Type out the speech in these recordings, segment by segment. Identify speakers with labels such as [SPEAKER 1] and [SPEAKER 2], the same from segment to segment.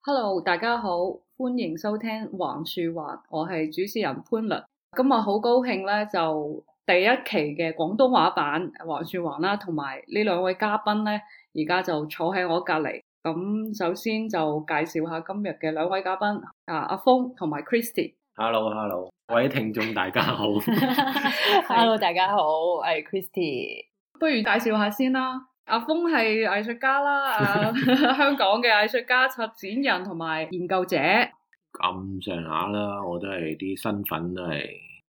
[SPEAKER 1] Hello，大家好，歡迎收聽《橫豎橫》，我係主持人潘律，咁我好高興咧，就第一期嘅廣東話版《橫豎橫》啦，同埋呢兩位嘉賓咧，而家就坐喺我隔籬。咁首先就介紹下今日嘅兩位嘉賓，啊阿峰同埋 Christy。
[SPEAKER 2] Hello，Hello，各位聽眾大家好。
[SPEAKER 1] Hello，大家好，係 Christy。不如介紹下先啦，阿峰係藝術家啦，啊香港嘅藝術家策展人同埋研究者。咁上下
[SPEAKER 2] 啦，我都係啲身份都係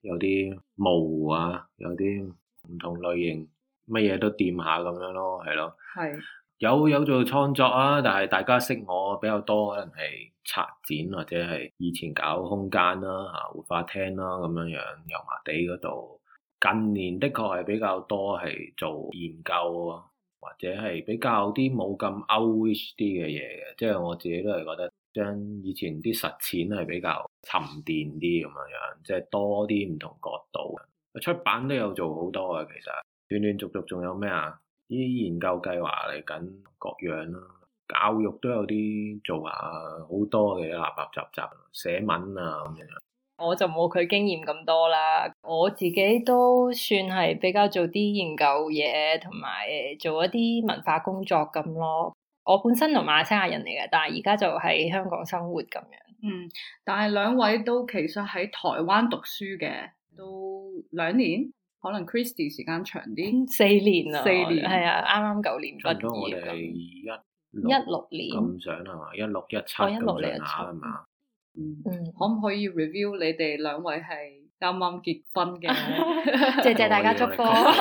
[SPEAKER 2] 有啲模糊啊，有啲唔同類型，乜嘢都掂下咁樣咯，係咯。係。有有做創作啊，但係大家識我比較多，可能係策展或者係以前搞空間啦、啊，吓、啊、活化廳啦咁樣樣，油麻地嗰度。近年的確係比較多係做研究，啊，或者係比較啲冇咁歐西啲嘅嘢嘅，即、就、係、是、我自己都係覺得將以前啲實踐係比較沉澱啲咁樣樣，即、就、係、是、多啲唔同角度。出版都有做好多啊，其實斷斷續續仲有咩啊？啲研究計劃嚟緊各樣啦，教育都有啲做下，好多嘅垃垃雜雜，寫文啊咁樣。
[SPEAKER 3] 我就冇佢經驗咁多啦，我自己都算係比較做啲研究嘢，同埋做一啲文化工作咁咯。我本身同馬來西亞人嚟嘅，但係而家就喺香港生活咁樣。
[SPEAKER 1] 嗯，但係兩位都其實喺台灣讀書嘅，都兩年。可能 Christy 時間長啲，四年啊，四年係啊，啱啱九年畢業
[SPEAKER 2] 二
[SPEAKER 1] 一六年咁
[SPEAKER 2] 想係嘛？一六一七年，一六年一七啊嘛。嗯嗯，
[SPEAKER 1] 嗯可唔可以 review 你哋兩位係？啱啱結婚嘅，謝謝大家祝福。couple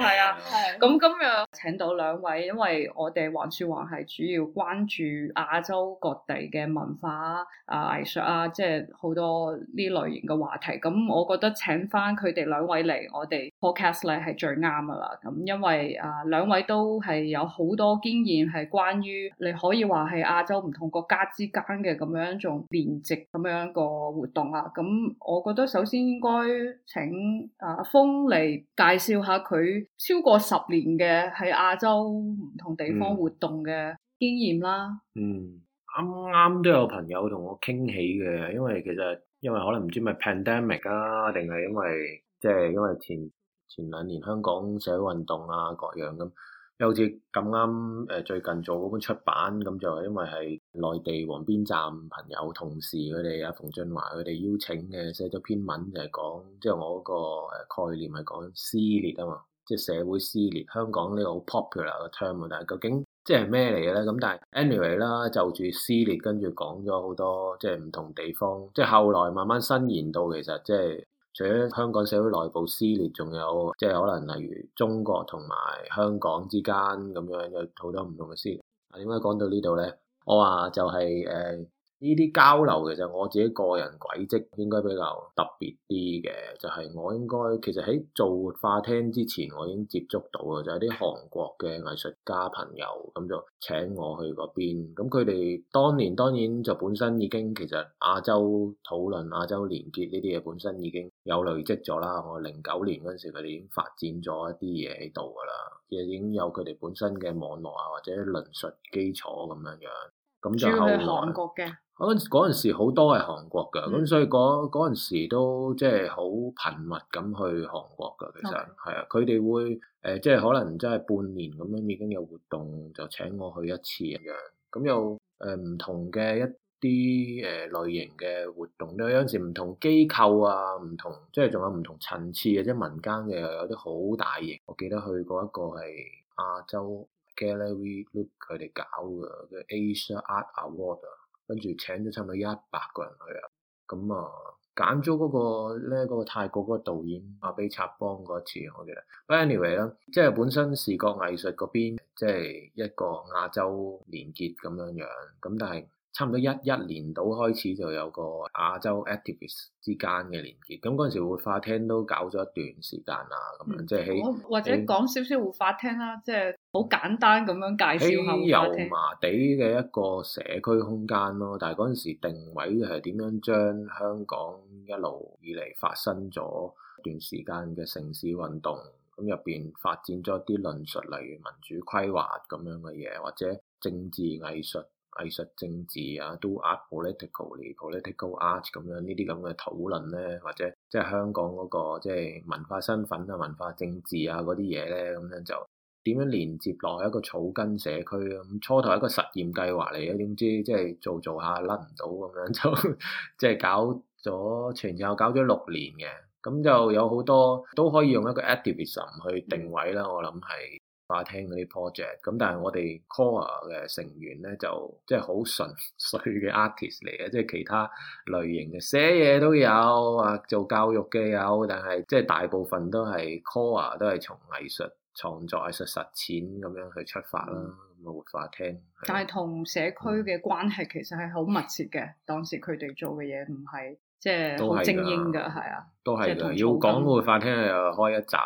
[SPEAKER 1] 係啊，咁今日請到兩位，因為我哋橫豎橫係主要關注亞洲各地嘅文化啊、藝術啊，即係好多呢類型嘅話題。咁我覺得請翻佢哋兩位嚟，我哋 podcast 咧係最啱噶啦。咁因為啊，兩位都係有好多經驗，係關於你可以話係亞洲唔同國家之間嘅咁樣一種連接咁樣一個活動啊。咁我覺得首先應該請啊阿峰嚟介紹下佢超過十年嘅喺亞洲唔同地方活動嘅經驗啦。嗯，啱啱
[SPEAKER 2] 都有朋友同我傾起嘅，因為其實因為可能唔知咪 pandemic 啊，定係因為即係、就是、因為前前兩年香港社會運動啊各樣咁，又好似咁啱誒最近做本出版咁就係因為係。內地黃邊站朋友、同事，佢哋阿馮俊華佢哋邀請嘅寫咗篇文就講，就係講即係我個概念係講撕裂啊嘛，即係社會撕裂，香港呢個好 popular 嘅 term 但係究竟即係咩嚟嘅咧？咁但係 anyway 啦，就住撕裂，跟住講咗好多即係唔同地方，即係後來慢慢伸延到，其實即係除咗香港社會內部撕裂，仲有即係可能例如中國同埋香港之間咁樣有好多唔同嘅撕裂。啊，點解講到呢度咧？我話、oh, 就係誒呢啲交流，其實我自己個人軌跡應該比較特別啲嘅，就係、是、我應該其實喺做活化廳之前，我已經接觸到嘅就係啲韓國嘅藝術家朋友，咁就請我去嗰邊，咁佢哋當年當然就本身已經其實亞洲討論亞洲連結呢啲嘢本身已經有累積咗啦，我零九年嗰陣時佢哋已經發展咗一啲嘢喺度噶啦。已經有佢哋本身嘅網絡啊，或者論述基礎咁樣樣，咁就去韓國嘅。嗰陣嗰時好多係韓國嘅，咁、嗯、所以嗰嗰時都即係好頻密咁去韓國嘅。其實係啊，佢哋會誒、呃、即係可能真係半年咁樣已經有活動，就請我去一次咁樣。咁又誒唔、呃、同嘅一啲誒類型嘅活動咧，有陣時唔同機構啊，唔同即係仲有唔同層次嘅，即係民間嘅有啲好大型。我記得去過一個係亞洲 Gallery Look 佢哋搞嘅叫 Asia Art Award 啊，跟住請咗差唔多一百個人去啊。咁啊、嗰個，揀咗嗰個咧嗰個泰國嗰個導演阿比察邦嗰一次我記得。But anyway 咧，即係本身視覺藝術嗰邊即係一個亞洲連結咁樣樣咁，但係。差唔多一一年度開始就有個亞洲 activist 之間嘅連結，咁嗰陣時活化廳都搞咗一段時間啦，咁樣、嗯、即係喺或者在講
[SPEAKER 1] 少少活化廳啦，即係好簡單咁樣介紹下油麻
[SPEAKER 2] 地嘅一個社區空間咯。但係嗰陣時定位係點樣將香港一路以嚟發生咗一段時間嘅城市運動，咁入邊發展咗一啲論述，例如民主規劃咁樣嘅嘢，或者政治藝術。藝術政治啊，都 art political political art 咁樣，這這樣呢啲咁嘅討論咧，或者即係香港嗰、那個即係、就是、文化身份啊、文化政治啊嗰啲嘢咧，咁樣就點樣連接落一個草根社區咁、啊？初頭係一個實驗計劃嚟嘅，點知即係做做下甩唔到咁樣，就即係、就是、搞咗全就搞咗六年嘅，咁就有好多都可以用一個 activism 去定位啦，我諗係。活化聽啲 project，咁但係我哋 core 嘅成員咧就即係好純粹嘅 artist 嚟嘅，即係其他類型嘅，寫嘢都有，啊做教育嘅有，但係即係大部分都係 core 都係從藝術創作、創造藝術實踐咁樣去出發啦，咁啊、嗯、活化聽。
[SPEAKER 1] 但係同社區嘅關係其實係好密切嘅，嗯、當時佢哋做嘅嘢唔係。即係好精英㗎，係啊，都係噶。要講冇
[SPEAKER 2] 法聽，又開
[SPEAKER 1] 一集。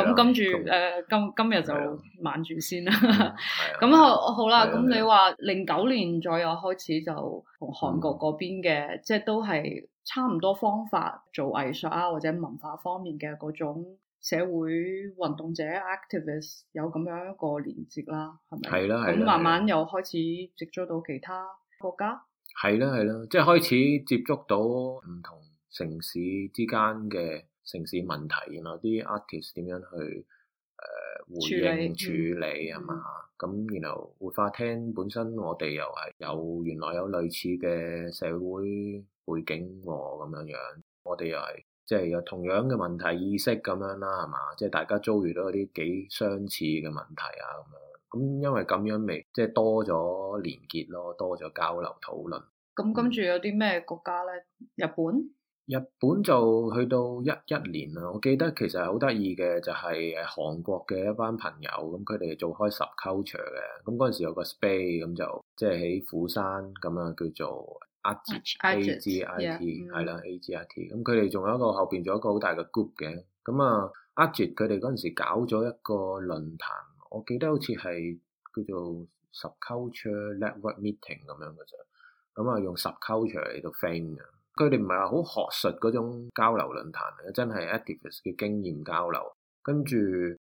[SPEAKER 1] 咁跟住誒，今今日就慢住先啦。咁好啦，咁你話零九年左右開始就同韓國嗰邊嘅，即係都係差唔多方法做藝術啊，或者文化方面嘅嗰種社會運動者 activist 有咁樣一個連結啦，係咪？係啦，咁慢慢又開始接觸到其他國家。
[SPEAKER 2] 係啦，係啦，即係開始接觸到唔同城市之間嘅城市問題，然後啲 artist 點樣去誒、呃、回應處理係嘛？咁、嗯、然後活化廳本身我哋又係有原來有類似嘅社會背景咁樣樣，我哋又係即係有同樣嘅問題意識咁樣啦，係嘛？即係大家遭遇到啲幾相似嘅問題啊咁樣。咁因為咁樣咪即係多咗連結咯，多咗交流討論。
[SPEAKER 1] 咁跟住有啲咩國家咧？
[SPEAKER 2] 日本？日本就去到一一年啦。我記得其實係好得意嘅，就係韓國嘅一班朋友，咁佢哋做開 subculture 嘅。咁嗰陣時有個 space，咁就即係喺釜山咁啊，叫做 AGIT 係啦，AGIT。咁佢哋仲有一個後邊仲有一個好大嘅 group 嘅。咁啊，AGIT 佢哋嗰陣時搞咗一個論壇。我記得好似係叫做 subculture network meeting 咁樣嘅咋，咁啊用 subculture 嚟到 friend 嘅，佢哋唔係話好學術嗰種交流論壇，真係 activist 嘅經驗交流。跟住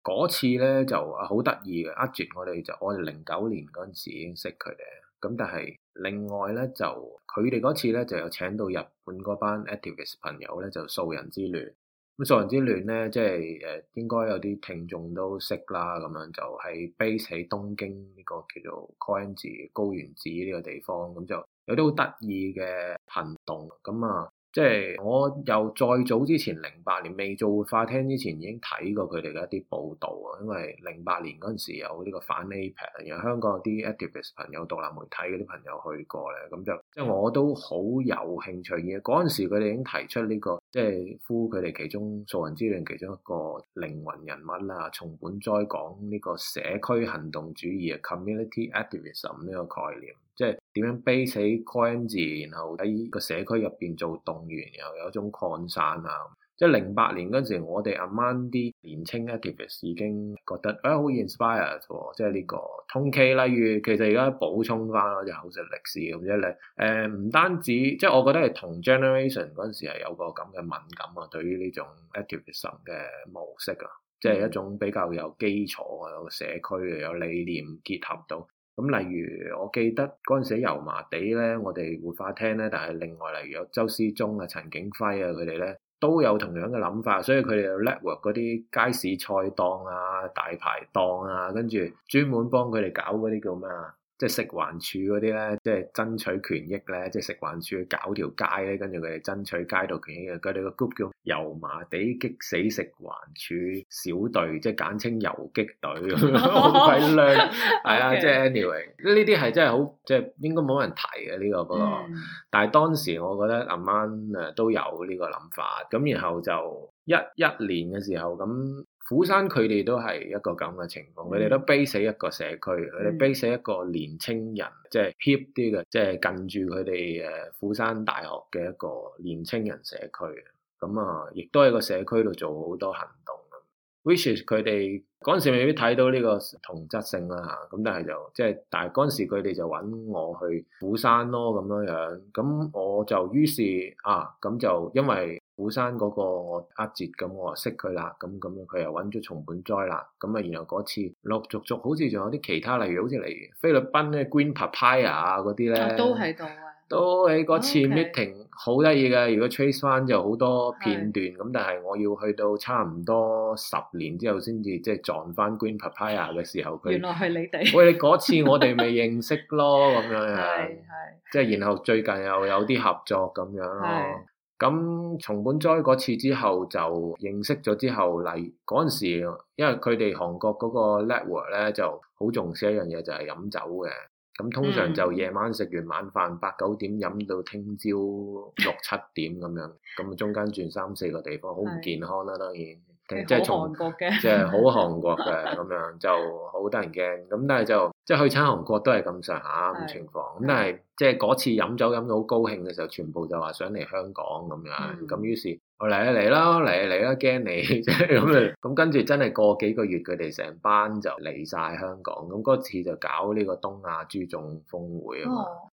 [SPEAKER 2] 嗰次咧就好得意嘅，一轉我哋就我哋零九年嗰陣時已經識佢哋，咁但係另外咧就佢哋嗰次咧就有請到日本嗰班 activist 朋友咧就素人之亂。咁《素、嗯、人之亂》咧，即係誒，應該有啲聽眾都識啦，咁樣就喺 base 喺東京呢個叫做 Koenji 高圓寺呢個地方，咁就有啲好得意嘅行動，咁啊～即係我又再早之前零八年未做活化廳之前，已經睇過佢哋嘅一啲報道啊，因為零八年嗰陣時有呢個反 apartheid 然後香港啲 activist 朋友、獨立媒體嗰啲朋友去過咧，咁就即係我都好有興趣。嘅。嗰陣時佢哋已經提出呢、這個，即係呼佢哋其中素人之亂其中一個靈魂人物啦，松本哉講呢個社區行動主義啊，community activism 呢個概念。即係點樣 base 起 coins，然後喺個社區入邊做動員，然後有一種擴散啊！即係零八年嗰陣時，我哋阿媽啲年青 activist 已經覺得啊好、哎、inspired、哦、即係呢、這個通 K，例如其實而家補充翻咯，就好似歷史咁即係咧，誒、呃、唔單止即係我覺得係同 generation 嗰陣時係有個咁嘅敏感啊，對於呢種 activism 嘅模式啊，即係一種比較有基礎嘅社區有理念結合到。咁例如我記得嗰陣時喺油麻地咧，我哋活化廳咧，但係另外例如有周思忠啊、陳景輝啊，佢哋咧都有同樣嘅諗法，所以佢哋有 Network 嗰啲街市菜檔啊、大排檔啊，跟住專門幫佢哋搞嗰啲叫咩啊？即係食環署嗰啲咧，即係爭取權益咧，即係食環署搞條街咧，跟住佢哋爭取街道權益，佢哋個 group 叫油麻地激死食環署小隊，即係簡稱遊擊隊，好鬼靚，係啊，即係 anyway，呢啲係真係好，即係應該冇人提嘅呢個嗰、嗰個，mm. 但係當時我覺得啱啱誒都有呢個諗法，咁然後就一一年嘅時候咁。咁咁釜山佢哋都係一個咁嘅情況，佢哋、嗯、都悲死一個社區，佢哋、嗯、悲死一個年青人，嗯、即係 hip 啲嘅，即係近住佢哋誒釜山大學嘅一個年青人社區嘅，咁啊，亦都喺個社區度做好多行動。Which、嗯、is 佢哋嗰陣時未必睇到呢個同質性啦嚇，咁但係就即係，但係嗰陣時佢哋就揾我去釜山咯咁樣樣，咁我就於是啊，咁就因為。鼓山嗰個阿哲咁，我識佢啦，咁咁佢又揾咗松本哉啦，咁啊，然後嗰次陸續續好似仲有啲其他，例如好似嚟菲律賓嘅 Green Papaya 嗰啲咧，都喺度啊，都喺嗰次 meeting 好得意嘅，如果 trace 翻就好多片段，咁、嗯、但係我要去到差唔多十年之後先至即係撞翻 Green Papaya 嘅時候，佢原
[SPEAKER 1] 來係你哋，
[SPEAKER 2] 喂，嗰次我哋咪認識咯咁樣嘅，即係、嗯、 對然後最近又有啲合作咁樣咯。 咁從本災嗰次之後就認識咗之後，例如嗰時，因為佢哋韓國嗰個叻活咧就好重視一樣嘢就係、是、飲酒嘅，咁通常就夜晚食完晚飯八九點飲到聽朝六七點咁樣，咁中間轉三四個地方，好唔健康啦，的當然。即係從，即係好韓國嘅咁 樣，就好得人驚。咁但係就，即係去親韓國都係咁上下咁情況。咁、 啊、但係，即係嗰次飲酒飲到好高興嘅時候，全部就話想嚟香港咁樣。咁於是。嚟啊嚟啦嚟啊嚟啦，驚你咁啊！咁跟住真係過幾個月，佢哋成班就嚟晒香港。咁嗰次就搞呢個東亞諸眾峰會啊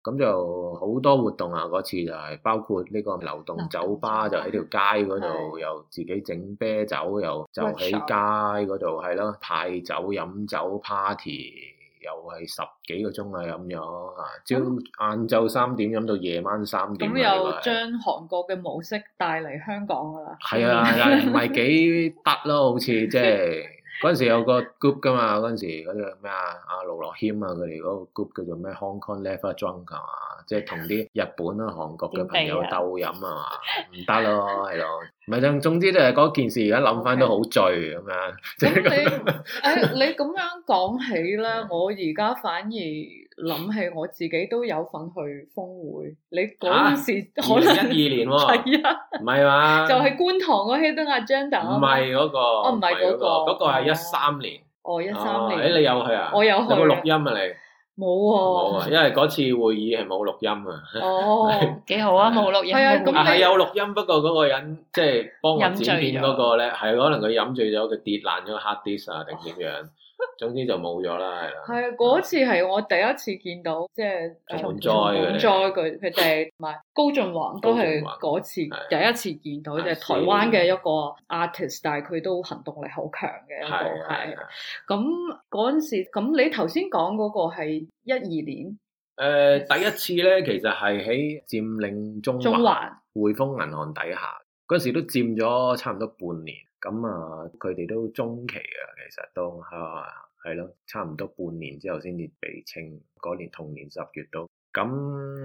[SPEAKER 2] 咁、嗯、就好多活動啊嗰次就係包括呢個流動酒吧，就喺條街嗰度、嗯、又自己整啤酒，又就喺街嗰度係咯派酒飲酒 party。又係十幾個鐘啊，飲咗啊！朝晏晝三點飲到夜晚三點，咁、嗯、又將
[SPEAKER 1] 韓國嘅模式帶嚟香港啦。係啊，唔係幾
[SPEAKER 2] 得咯？好似即係嗰陣時有個 group 噶嘛，嗰陣時嗰個咩啊，阿盧樂謙啊，佢哋嗰個 group 叫做咩 Hong Kong Level Drunk 啊、er，即係同啲日本啊、韓國嘅朋友、啊、鬥飲啊嘛，唔得咯，係咯。 唔係，總之都係嗰件事，而家諗翻都好醉咁樣。咁
[SPEAKER 1] 你誒，你咁樣講起咧，我而家反而諗起我自己都有份去峰會。你嗰陣時可能一二年係啊，
[SPEAKER 2] 唔係嘛？就係
[SPEAKER 1] 觀塘嗰次都阿張達，唔係
[SPEAKER 2] 嗰個，我唔係嗰個，嗰個係一三年。
[SPEAKER 1] 哦，一三年，誒，你
[SPEAKER 2] 有去啊？我有去，有冇錄音啊？你？
[SPEAKER 1] 冇喎，冇啊，因
[SPEAKER 2] 為嗰次會議係冇錄音啊。哦，
[SPEAKER 1] 幾 好啊，冇錄音啊，咁係有
[SPEAKER 2] 錄音，不過嗰個人即係幫我剪片嗰、嗰個咧，係可能佢飲醉咗，佢跌爛咗 hard disk 啊，定點樣？哦。總之就冇咗啦，係啦。
[SPEAKER 1] 係啊，嗰次係我第一次見到，即係滿災佢，佢哋唔係高俊宏，都係嗰次第一次見到，即係台灣嘅一個 artist，但係佢都行動力好強嘅一個係。咁嗰陣時，咁你頭先講嗰個係一二年。
[SPEAKER 2] 誒，第一次咧，其實係喺佔領中環匯豐銀行底下，嗰陣時都佔咗差唔多半年。咁啊，佢哋都中期啊，其實都係。係咯，差唔多半年之後先至被清。嗰年同年十月都咁，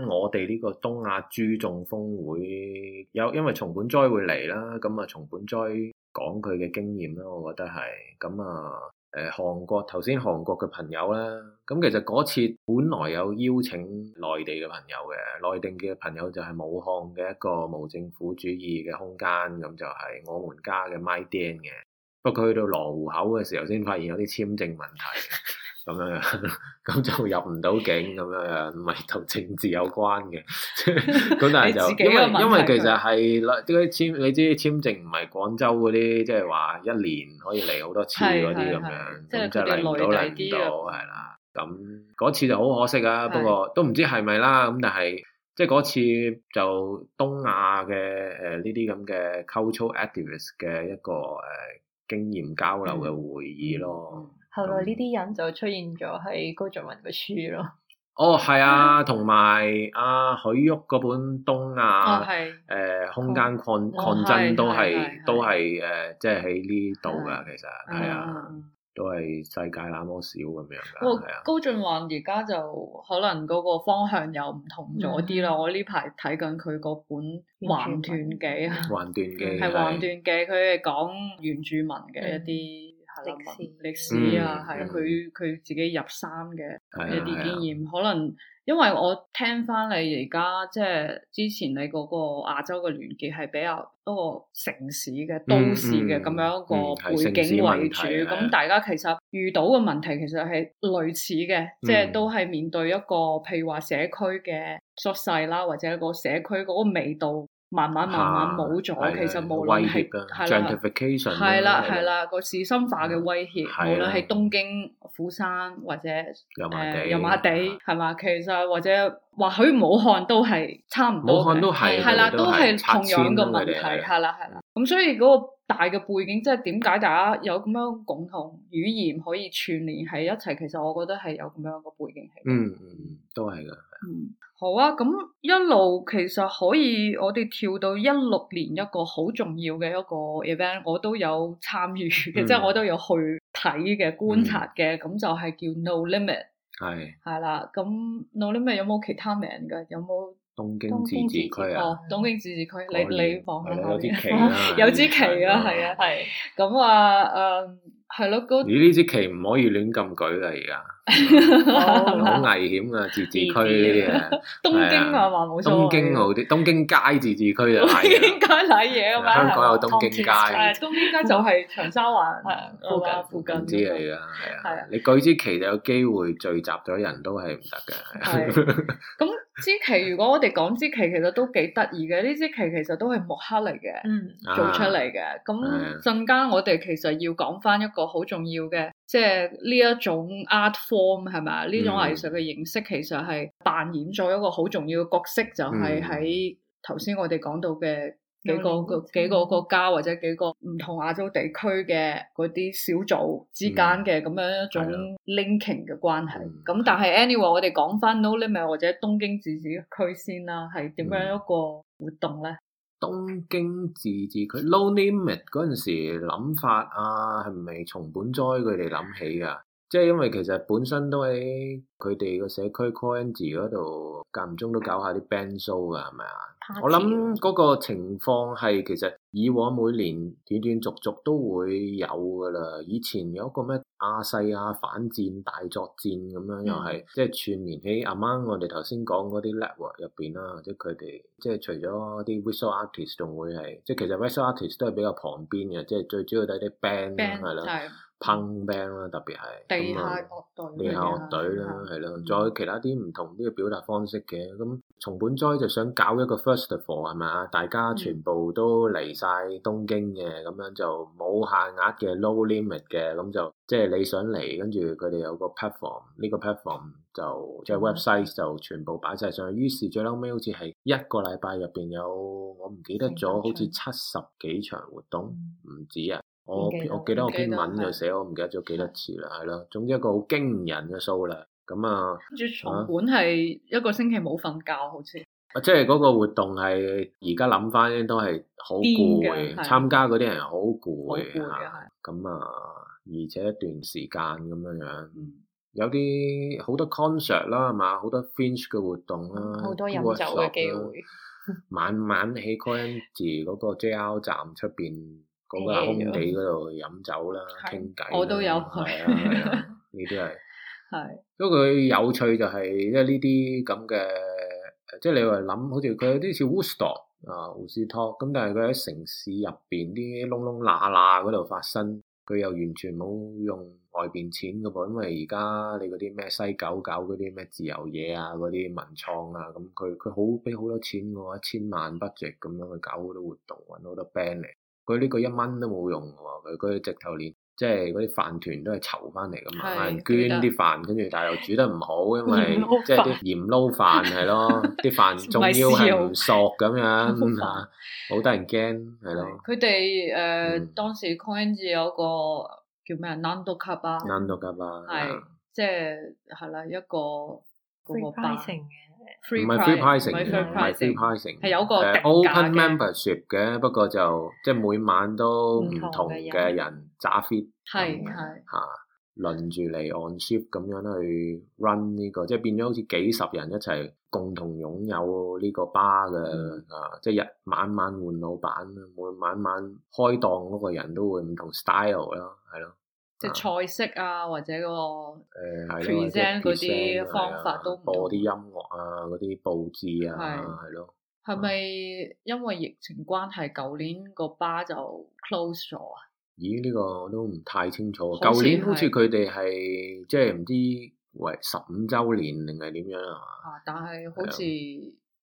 [SPEAKER 2] 我哋呢個東亞諸眾峰會有，因為重本災會嚟啦。咁啊，重本災講佢嘅經驗啦。我覺得係咁啊。誒、呃，韓國頭先韓國嘅朋友啦，咁其實嗰次本來有邀請內地嘅朋友嘅，內地嘅朋友就係武漢嘅一個無政府主義嘅空間，咁就係我們家嘅 mydan 嘅。不過佢去到羅湖口嘅時候，先發現有啲簽證問題，咁樣咁就入唔到境，咁樣唔係同政治有關嘅。咁 但係就 因為因為其實係嗰啲簽，你知簽證唔係廣州嗰啲，即係話一年可以嚟好多次嗰啲咁樣，咁就嚟唔到嚟唔到，係啦。咁嗰次就好可惜啊。不過都唔知係咪啦。咁但係即係嗰次就東亞嘅誒呢啲咁嘅 cultural activist 嘅一個誒。呃經驗交流嘅會議咯，
[SPEAKER 3] 後來呢啲人就出現咗喺高振文嘅書咯。
[SPEAKER 2] 哦，係啊，同埋阿許旭嗰本東、啊《東亞、哦》，誒、呃、空間抗抗爭都係、哦、都係誒，即係喺呢度噶其實係啊。的都係世界那麼少咁樣噶。
[SPEAKER 1] 高俊宏而家就可能嗰個方向又唔同咗啲啦。嗯、我呢排睇緊佢嗰本《橫斷記》啊，《橫
[SPEAKER 2] 斷記》係《橫斷
[SPEAKER 1] 記》，佢係講原住民嘅一啲。嗯歷史歷史啊，係佢佢自己入山嘅、嗯、一啲經驗，嗯嗯、可能因為我聽翻你而家即係之前你嗰個亞洲嘅連結係比較一個城市嘅、嗯、都市嘅咁樣一個背景為主，咁、嗯嗯、大家其實遇到嘅問題其實係類似嘅，即、就、係、是、都係面對一個譬如話社區嘅縮細啦，或者一個社區嗰個味道。慢慢慢慢冇咗，其實無論係
[SPEAKER 2] 係啦，係啦，係啦，
[SPEAKER 1] 個士紳化嘅威脅，無論係東京、釜山或者誒油麻地，係嘛？其實或者或許武漢都係差唔多，武漢都係，係啦，都係同樣嘅問題，係啦，係啦。咁所以嗰個大嘅背景，即係點解大家有咁樣共同語言可以串聯喺一齊？其實我覺得係有咁樣個背景喺
[SPEAKER 2] 度。嗯嗯，都係噶，嗯。
[SPEAKER 1] 好啊，咁一路其實可以我哋跳到一六年一個好重要嘅一個 event，我都有參與嘅，即係我都有去睇嘅觀察嘅，咁就係叫 No Limit。係係啦，咁 No Limit 有冇其他名噶？有冇
[SPEAKER 2] 東京自治區啊？
[SPEAKER 1] 東京自治區，你你講下啦。有支旗啊，係啊，係。咁話誒係咯，個你
[SPEAKER 2] 呢支旗唔可以亂咁舉啦，而家。好危險啊，自治區呢啲啊，東京
[SPEAKER 1] 啊嘛冇錯，東京
[SPEAKER 2] 好啲，東京街自治區啊，東京
[SPEAKER 1] 街攋嘢啊，香港有東京街，誒東京街就係長沙灣係附近附近唔知嚟噶，係啊，你
[SPEAKER 2] 舉支旗就有機會聚集咗人都係唔得嘅。
[SPEAKER 1] 咁支旗如果我哋講支旗，其實都幾得意嘅，呢支旗其實都係木刻嚟嘅，嗯，做出嚟嘅。咁陣間我哋其實要講翻一個好重要嘅。即係呢一種 art form 係咪？呢、嗯、種藝術嘅形式其實係扮演咗一個好重要嘅角色，嗯、就係喺頭先我哋講到嘅幾個個京幾個國家或者幾個唔同亞洲地區嘅嗰啲小組之間嘅咁樣一種 linking 嘅關係。咁、嗯、但係 anyway，我哋講翻 No Limit 或者東京自治區先啦，係點樣一個活動咧？
[SPEAKER 2] 東京自治區 No Limit 嗰陣時諗法啊，係咪松本哉佢哋諗起噶？即係因為其實本身都喺佢哋個社區 coin 字嗰度，間唔中都搞下啲 band show 噶，係咪啊？我諗嗰個情況係其實以往每年斷斷續續都會有噶啦。以前有一個咩亞細亞反戰大作戰咁樣，嗯、又係即係串聯喺 among 我哋頭先講嗰啲 level 入邊啦，即係佢哋即係除咗啲 visual artist 仲會係，即係其實 visual artist 都係比較旁邊嘅，即係最主要都係啲 band 係咯 Band, 的。碰 band 啦，特別係地下樂隊，地下樂隊啦，係咯，再其他啲唔同啲嘅表達方式嘅，咁松本災就想搞一個 first of all 係咪啊？大家全部都嚟曬東京嘅，咁樣就冇限額嘅 low limit 嘅，咁就即係你想嚟，跟住佢哋有個 platform，呢個 platform 就即係 website 就全部擺曬上去，於是最嬲尾好似係一個禮拜入邊有我唔記得咗，好似七十幾場活動，唔止啊！我我記得我篇文就寫我唔記得咗幾多次啦，係咯，總之一個好驚人嘅數啦，咁啊，
[SPEAKER 1] 住床館係一個星期冇瞓覺，好似，
[SPEAKER 2] 啊，即係嗰個活動係而家諗翻咧都係好攰，參加嗰啲人好攰吓，咁啊，而且一段時間咁樣樣，有啲好多 concert 啦，係嘛，好多 finish 嘅活動啦，好多飲酒嘅機會，晚晚喺 Contry 嗰個 JR 站出邊。嗰間空地嗰度飲酒啦，傾偈，我都有去。呢啲係係，不過佢有趣就係即係呢啲咁嘅，即係你話諗，好似佢有啲似 Woodstock 啊，胡士托咁，但係佢喺城市入邊啲窿窿罅罅嗰度發生，佢又完全冇用外邊錢嘅噃，因為而家你嗰啲咩西九搞嗰啲咩自由嘢啊，嗰啲文創啊，咁佢佢好俾好多錢嘅喎，千萬 budget 咁樣去搞好多活動，揾好多 band 嚟。佢呢個一蚊都冇用喎，佢嗰啲直頭連，即係嗰啲飯團都係籌翻嚟嘅，嘛。慢捐啲飯，跟住但又煮得唔好，因為即係啲鹽撈飯係 咯，啲飯仲要係唔熟咁樣，嚇，好得人驚係咯。
[SPEAKER 1] 佢哋誒當時 coins 有個叫咩啊，Nandokaba。
[SPEAKER 2] Nandokaba 即
[SPEAKER 1] 係係啦，一個嗰個。唔係 free pricing 唔係 free pricing，係、uh, 有個 open、uh,
[SPEAKER 2] membership 嘅。不過就即係每晚都唔同嘅人揸緊 fit，係係吓輪住嚟 on shift 咁樣去 run 呢、呢個，即係變咗好似幾十人一齊共同擁有呢個 bar 嘅啊！嗯 uh, 即係晚晚換老闆，每晚晚開檔嗰個人都會唔同 style 啦，係咯。
[SPEAKER 1] 即係菜式啊，或者個誒 present 嗰啲方法都冇，播
[SPEAKER 2] 啲音樂啊，嗰啲佈置啊，係咯。
[SPEAKER 1] 係咪因為疫情關係，舊年個巴就 close 咗啊？
[SPEAKER 2] 咦，呢個我都唔太清楚。舊年好似佢哋係即係唔知喂，十五周年定係點樣啊？
[SPEAKER 1] 啊！但係好似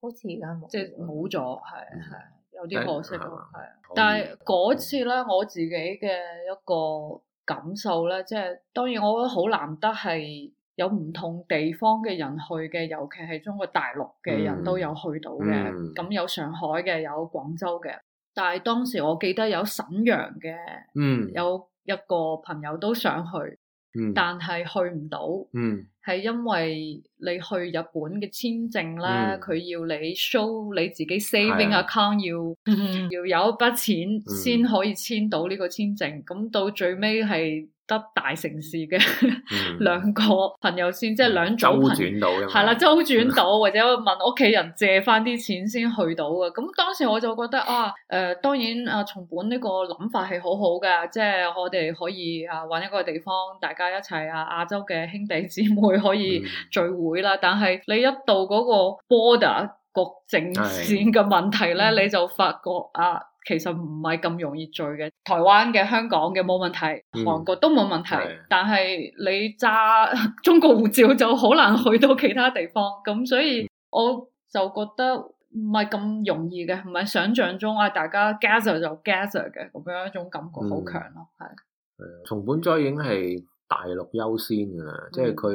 [SPEAKER 1] 好似而家即係冇咗，係，係有啲可惜咯，係。但係嗰次咧，我自己嘅一個。感受咧，即係當然，我覺得好難得係有唔同地方嘅人去嘅，尤其係中國大陸嘅人都有去到嘅，咁、嗯、有上海嘅，有廣州嘅，但係當時我記得有瀋陽嘅，嗯、有一個朋友都想去。嗯、但係去唔到，係、嗯、因為你去日本嘅簽證咧，佢、嗯、要你 show 你自己 saving account、啊、要、嗯、要有一筆錢先、嗯、可以簽到呢個簽證，咁到最尾係，得大城市嘅兩 個朋友先，嗯、即係兩組朋友係啦，周轉到 或者問屋企人借翻啲錢先去到嘅。咁當時我就覺得啊，誒、呃，當然啊，從本呢個諗法係好好嘅，即係我哋可以啊，揾一個地方，大家一齊啊，亞洲嘅兄弟姊妹可以聚會啦。嗯、但係你一到嗰個 border 國境線嘅問題咧，的你就發覺啊。其實唔係咁容易聚嘅，台灣嘅、香港嘅冇問題，韓國都冇問題。嗯、但係你揸中國護照就好難去到其他地方。咁所以我就覺得唔係咁容易嘅，唔係想象中啊！大家 gather 就 gather 嘅咁樣一種感覺好強咯，係、
[SPEAKER 2] 嗯。的從本來已經係大陸優先㗎，即係佢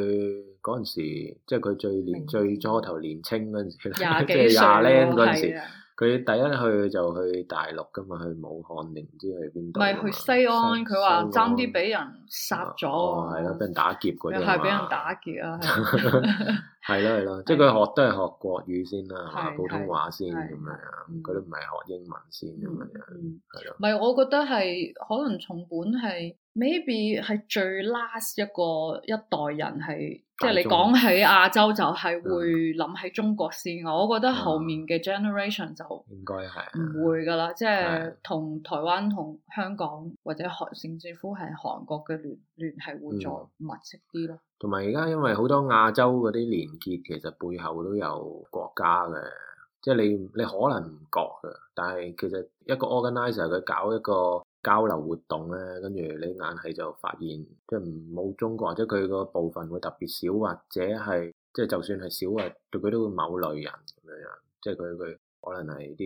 [SPEAKER 2] 嗰陣時，即係佢最年、嗯、最初頭年青嗰陣時，即廿零嗰陣佢第一去就去大陸㗎嘛，去武漢定唔知去邊度？唔係去西
[SPEAKER 1] 安，佢話爭啲畀人殺咗。係咯、
[SPEAKER 2] 啊，畀、哦、人打劫嗰啲啊嘛。又係畀人打劫啊！ 是的 係咯係咯，即係佢學都係學國語先啦，學普通話先咁對樣啊，佢都唔係學英文先咁、嗯、樣，係咯。
[SPEAKER 1] 唔係我覺得係可能從本係 maybe 係最 last 一個一代人係，即係你講起亞洲就係會諗起中國先。對我覺得後面嘅 generation、嗯、就應該係唔是是會㗎啦，即係同台灣同香港或者韓甚至乎係韓國嘅聯聯繫會再密切啲咯。
[SPEAKER 2] 同埋而家，因為好多亞洲嗰啲連結，其實背後都有國家嘅，即係你你可能唔覺嘅，但係其實一個 organizer 佢搞一個交流活動咧，跟住你硬係就發現，即係冇中國或者佢個部分會特別少，或者係即係就算係少啊，對佢都會某類人咁樣，即係佢佢可能係啲，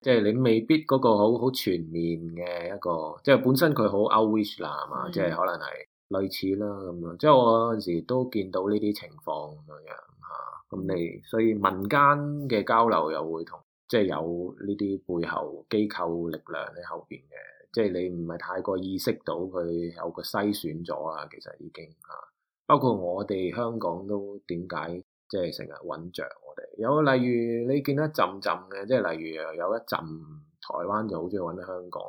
[SPEAKER 2] 即係你未必嗰個好好全面嘅一個，即係本身佢好 outreach 啦嘛，嗯、即係可能係。類似啦咁樣，即係我有陣時都見到呢啲情況咁樣嚇。咁、啊、你所以民間嘅交流又會同即係有呢啲背後機構力量喺後邊嘅，即係你唔係太過意識到佢有個篩選咗啊，其實已經嚇、啊。包括我哋香港都點解即係成日揾着我哋？有例如你見得浸浸嘅，即係例如有一陣台灣就好鍾意揾啲香港。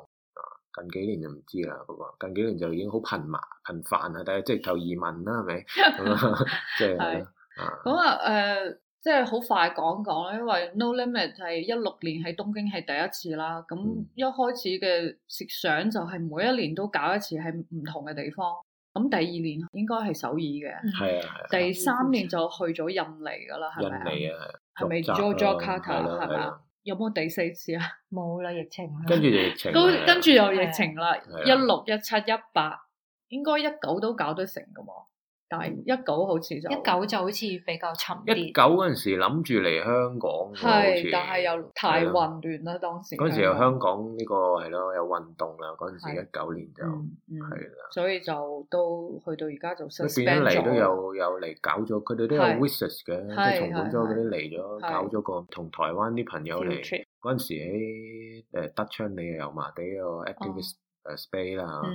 [SPEAKER 2] 近幾年就唔知啦，不過近幾年就已經好頻密、頻繁啦，但係即係求移民啦，係咪、呃？即係啊，
[SPEAKER 1] 咁啊誒，即係好快講講啦，因為 No Limit 係一六年喺東京係第一次啦，咁一開始嘅設想就係每一年都搞一次喺唔同嘅地方，咁第二年應該係首爾嘅，係啊，啊嗯、第三年就去咗印尼噶啦，係咪
[SPEAKER 2] 啊？係咪 Jogjakarta，係嘛？係。
[SPEAKER 1] 有冇第四次啊？冇啦，疫情。跟住疫情， 跟住又疫情啦。一六的、一七的、一八，應該一九都搞得成噶嘛？但係一九好似就一九就好似比較沉。一
[SPEAKER 2] 九嗰陣時諗住嚟香港，係，但係又太混
[SPEAKER 1] 亂啦。當時嗰時香
[SPEAKER 2] 港呢個係咯，有運動啦，嗰陣時一九年就係啦，
[SPEAKER 1] 所以就都去到而家就都變咗嚟都有
[SPEAKER 2] 有嚟搞咗，佢哋都有 wishes 嘅，即係從廣州嗰啲嚟咗，搞咗個同台灣啲朋友嚟嗰陣時，誒，德昌你又油麻地個 activist。誒，space 啦吓，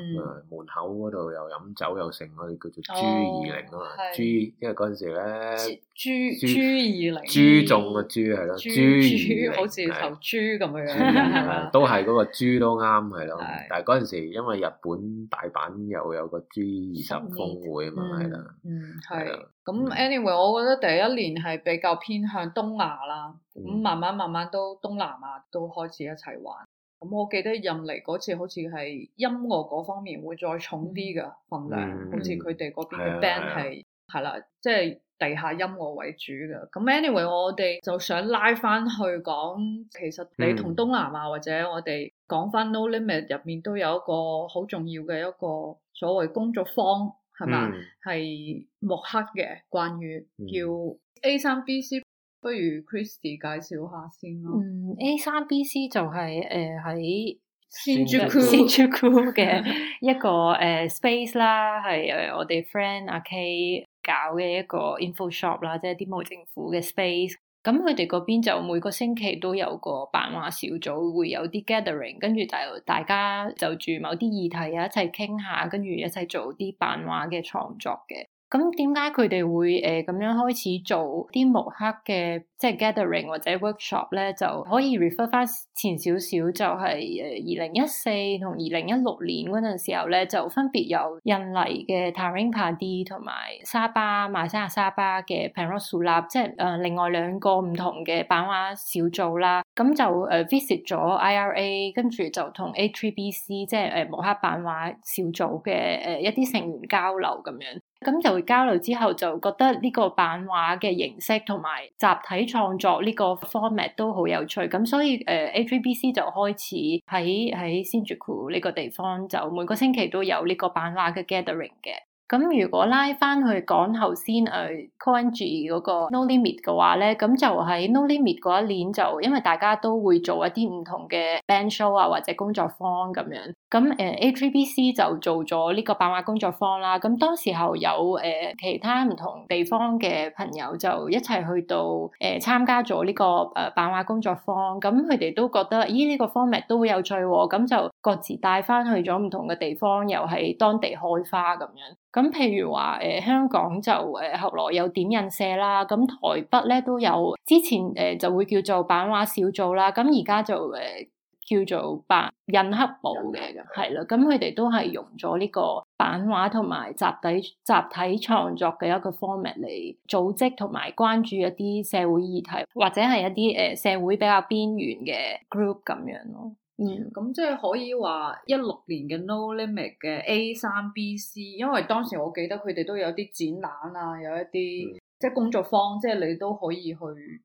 [SPEAKER 2] 門口嗰度又飲酒又盛，我哋叫做 G 二零啊嘛，G，因為嗰陣時咧，G
[SPEAKER 1] G 二零，G
[SPEAKER 2] 中嘅 G 係咯，G 二零，好似頭
[SPEAKER 1] 豬咁樣樣，
[SPEAKER 2] 都係嗰個 G 都啱係咯。但係嗰陣時因為日本大阪又有個 G 二十峰會啊嘛，係啦，
[SPEAKER 1] 嗯係，咁 anyway，我覺得第一年係比較偏向東亞啦，咁慢慢慢慢都東南亞都開始一齊玩。咁、嗯、我記得入嚟印尼嗰次好似係音樂嗰方面會再重啲嘅份量，好似佢哋嗰邊嘅 band 係係啦，即係的、就是、地下音樂為主嘅。咁 anyway，我哋就想拉翻去講，其實你同東南亞或者我哋講翻《No Limit》入面都有一個好重要嘅一個所謂工作坊係嘛？係木、嗯、刻嘅關於叫 A 三 B C。不如 Christy
[SPEAKER 3] 介紹下先咯。嗯，A3BC 就係誒喺新宿新宿嘅一個誒、 呃、space 啦，係誒、呃、我哋 friend 阿 K 搞嘅一個 info shop 啦，即係啲冇政府嘅 space。咁佢哋嗰邊就每個星期都有個版畫小組，會有啲 gathering，跟住大大家就住某啲議題啊一齊傾下，跟住一齊做啲版畫嘅創作嘅。咁點解佢哋會誒咁、呃、樣開始做啲木刻嘅即係 gathering 或者 workshop 咧？就可以 refer 返前少少，就係誒二零一四同二零一六年嗰陣時候咧，就分別有印尼嘅 Taring Padi 同埋沙巴，馬來西亞沙巴嘅 Pangrok Sulap，即係誒、呃、另外兩個唔同嘅版畫小組啦。咁就誒、呃、visit 咗 IRA，跟住就同 A3BC 即係誒木刻版畫小組嘅誒、呃、一啲成員交流咁樣。咁就會交流之後就覺得呢個版畫嘅形式同埋集體創作呢個 format 都好有趣，咁所以誒、呃、A3BC 就開始喺喺 Shinjuku 呢個地方，就每個星期都有呢個版畫嘅 gathering 嘅。咁如果拉翻去講頭先誒、啊、CoinGe 嗰個 No Limit 嘅話咧，咁就喺 No Limit 嗰一年就因為大家都會做一啲唔同嘅 band show 啊或者工作坊咁樣，咁誒 A3BC、呃、就做咗呢個版畫工作坊啦。咁當時候有誒、呃、其他唔同地方嘅朋友就一齊去到誒、呃、參加咗呢、這個誒版畫工作坊，咁佢哋都覺得咦呢、這個 format 都會有趣喎、哦，咁就各自帶翻去咗唔同嘅地方，又喺當地開花咁樣。咁譬如話誒、呃，香港就誒、呃、後來有點印社啦，咁台北咧都有，之前誒、呃、就會叫做版畫小組啦，咁而家就誒、呃、叫做版印刻部嘅，係咯，咁佢哋都係用咗呢個版畫同埋集體集體創作嘅一個 format 嚟組織同埋關注一啲社會議題，或者係一啲誒、呃、社會比較邊緣嘅 group 咁樣咯。
[SPEAKER 1] 嗯，咁即係可以話一六年嘅 No Limit 嘅 A 三 B C，因為當時我記得佢哋都有啲展覽啊，有一啲、嗯、即係工作坊，即係你都可以去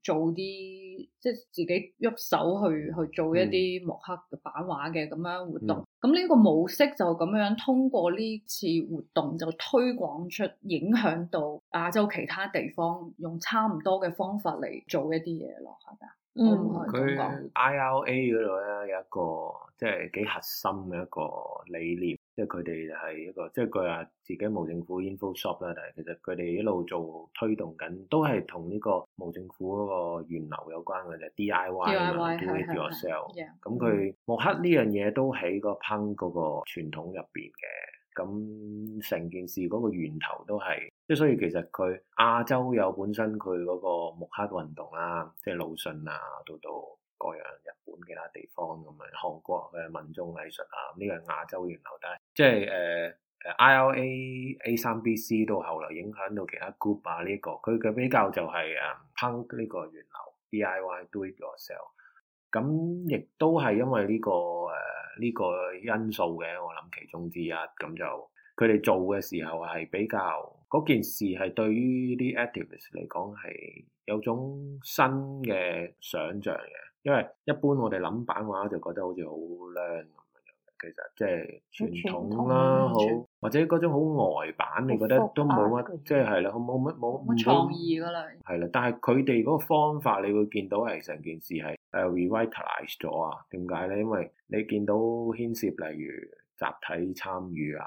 [SPEAKER 1] 做啲即係自己喐手去去做一啲木刻版畫嘅咁樣活動。咁呢、嗯、個模式就咁樣通過呢次活動就推廣出，影響到亞洲其他地方用差唔多嘅方法嚟做一啲嘢咯，係咪啊？嗯，佢
[SPEAKER 2] IRA 嗰度咧，有一個即係幾核心嘅一個理念，即係佢哋係一個即係佢話自己無政府 info shop 啦，但係其實佢哋一路做推動緊都係同呢個無政府嗰個源流有關嘅，就係、DI DIY，do it yourself。咁佢木刻呢樣嘢都喺個 Punk 嗰個傳統入邊嘅。咁成件事嗰個源頭都係即係，所以其實佢亞洲有本身佢嗰個木刻運動啦、啊，即係魯迅啊，到到各樣日本其他地方咁樣，韓國嘅民眾藝術啊，呢個係亞洲源流。但係即係誒誒 I L A A 三 B C 到後來影響到其他 group 啊，呢個佢嘅比較就係誒 punk 呢個源流，D I Y do it yourself。咁亦都係因為呢個誒呃呢個因素嘅，我諗其中之一。咁就佢哋做嘅時候係比較嗰件事係對於啲 activist 嚟講係有種新嘅想像嘅，因為一般我哋諗版嘅話就覺得好似好靚咁樣嘅。其實即係傳統啦，好很或者嗰種好呆板，你覺得都冇乜即係係啦，冇乜冇冇創意噶啦，係啦。但係佢哋嗰個方法，你會見到係成件事係。誒 revitalize 咗啊？點解咧？因為你見到牽涉，例如集體參與啊，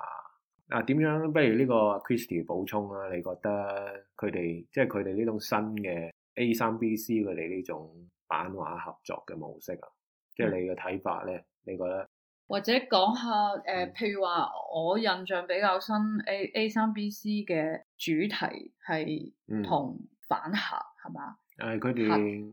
[SPEAKER 2] 啊，點樣？不如呢個 Kristy 補充啊，你覺得佢哋即係佢哋呢種新嘅 A 三 B C 佢哋呢種版畫合作嘅模式啊？即係、嗯、你嘅睇法咧？你覺得
[SPEAKER 1] 或者講下誒、呃，譬如話我印象比較深 A A 三 B C 嘅主題係同反客，係嘛？誒、嗯，佢、呃、哋。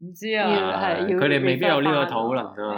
[SPEAKER 1] 唔知啊，
[SPEAKER 2] 佢哋未必有呢個討論
[SPEAKER 1] 噶，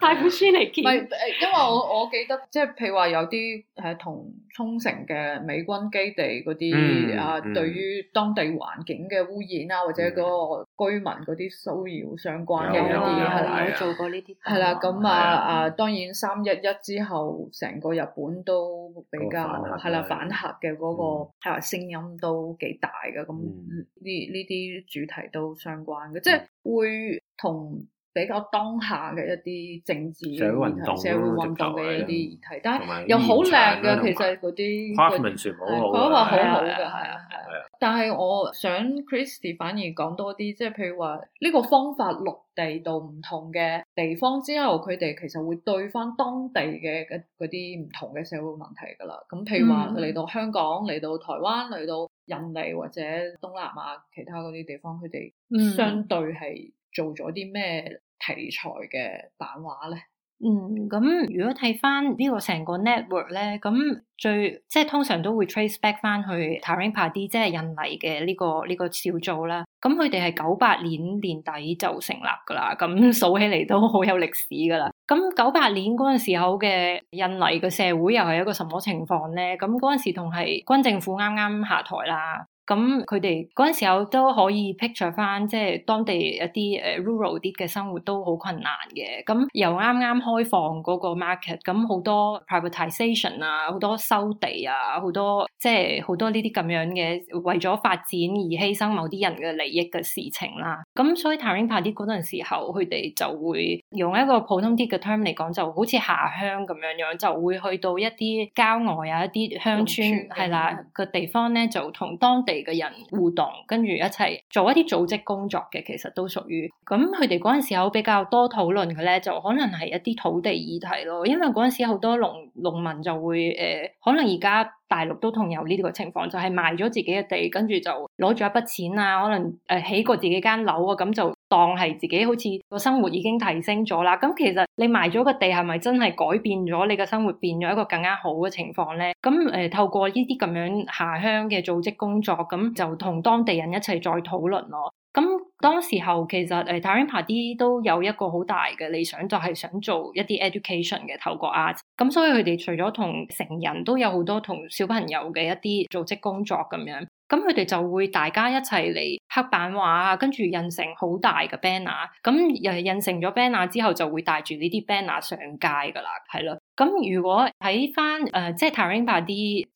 [SPEAKER 1] 大本書嚟見。係，因為我我記得，即係譬如話有啲誒同沖繩嘅美軍基地嗰啲啊，對於當地環境嘅污染啊，或者嗰個居民嗰啲騷擾相關嘅嘢，係啦，有做過呢啲。係啦，咁啊啊，當然三一一之後，成個日本都比較係啦，反核嘅嗰個係聲音都幾大嘅，咁呢呢啲主題都相關。即係會同。比較當下嘅一啲政治社會運動、社會運動嘅一啲議題，但係又好靚嘅，其實嗰啲個文宣好，嗰對對好好嘅，係啊係啊。但係我想 Christy 反而講多啲，即、就、係、是、譬如話呢、這個方法落地到唔同嘅地方之後，佢哋其實會對翻當地嘅嗰啲唔同嘅社會問題㗎啦。咁譬如話嚟到香港、嚟、嗯、到台灣、嚟到印尼或者東南亞其他嗰啲地方，佢哋相對係做咗啲咩？題材嘅版畫咧，
[SPEAKER 3] 嗯，咁如果睇翻呢個成個 network 咧，咁最即係通常都會 trace back 翻去 Taring Padi，即係印尼嘅呢、這個呢、這個小組啦。咁佢哋係九八年年底就成立噶啦，咁數起嚟都好有歷史噶啦。咁九八年嗰陣時候嘅印尼嘅社會又係一個什麼情況咧？咁嗰陣時同係軍政府啱啱下台啦。咁佢哋陣時候都可以 picture 翻，即係當地一啲誒 rural 啲嘅生活都好困難嘅。咁又啱啱開放個 market，咁好多 privatization 啊，好多收地啊，好多即係好多呢啲咁樣嘅為咗發展而犧牲某啲人嘅利益嘅事情啦。咁所以 Taring Padi 陣時候，佢哋就會用一個普通啲嘅 term 嚟講就好似下鄉咁樣樣就會去到一啲郊外啊，一啲鄉村係村啦、嗯、個地方咧，就同當地。嘅人互動，跟住一齊做一啲組織工作嘅，其實都屬於咁。佢哋嗰陣時候比較多討論嘅咧，就可能係一啲土地議題咯。因為嗰陣時好多農農民就會誒、呃，可能而家。大陸都同有呢個情況，就係賣咗自己嘅地，跟住就攞住一筆錢啊，可能誒起、呃、過自己間樓啊，咁就當係自己好似個生活已經提升咗啦。咁、嗯、其實你賣咗個地，係咪真係改變咗你嘅生活，變咗一個更加好嘅情況咧？咁、嗯、誒、呃，透過呢啲咁樣下鄉嘅組織工作，咁、嗯、就同當地人一齊再討論咯。咁當時候其實誒 Taring Padi 都有一個好大嘅理想，就係想做一啲 education 嘅透過 art。咁所以佢哋除咗同成人都有好多同小朋友嘅一啲組織工作咁樣。咁佢哋就會大家一齊嚟黑板畫啊，跟住印成好大嘅 banner。咁誒印成咗 banner 之後，就會帶住呢啲 banner 上街噶啦，係咯。咁如果睇翻誒，即係 Taring Padi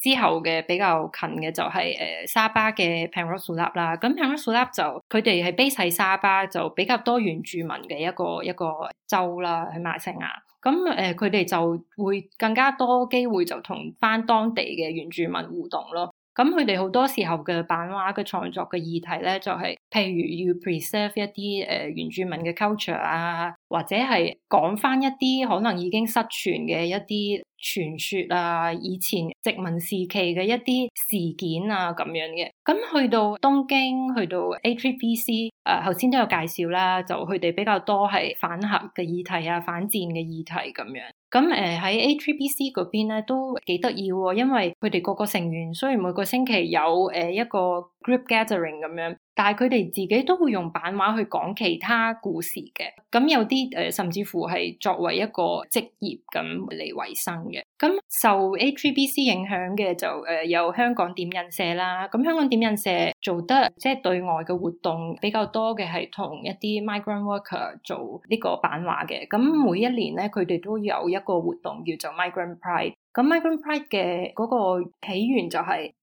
[SPEAKER 3] 啲之後嘅比較近嘅、就是，就係誒沙巴嘅 Pangrok Sulap 啦。咁 Pangrok Sulap 就佢哋係 base 喺沙巴，就比較多原住民嘅一個一個州啦喺馬來西亞。咁誒佢哋就會更加多機會就同翻當地嘅原住民互動咯。咁佢哋好多時候嘅版畫嘅創作嘅議題咧，就係、是、譬如要 preserve 一啲誒、呃、原住民嘅 culture 啊。或者係講返一啲可能已經失傳嘅一啲傳說啊，以前殖民時期嘅一啲事件啊咁樣嘅。咁去到東京，去到 A3BC，誒，頭先都有介紹啦，就佢哋比較多係反核嘅議題啊，反戰嘅議題咁樣。咁誒喺 A3BC 嗰邊咧都幾得意喎，因為佢哋個個成員雖然每個星期有誒、呃、一個 group gathering 咁樣。但係佢哋自己都會用版畫去講其他故事嘅，咁有啲誒、呃，甚至乎係作為一個職業咁嚟為生嘅。咁受 HIVC 影響嘅就誒、呃，有香港點印社啦。咁香港點印社做得即係、就是、對外嘅活動比較多嘅係同一啲 migrant worker 做呢個版畫嘅。咁每一年咧，佢哋都有一個活動叫做 Migrant Pride。咁 Migrant Pride 嘅嗰個起源就係、是。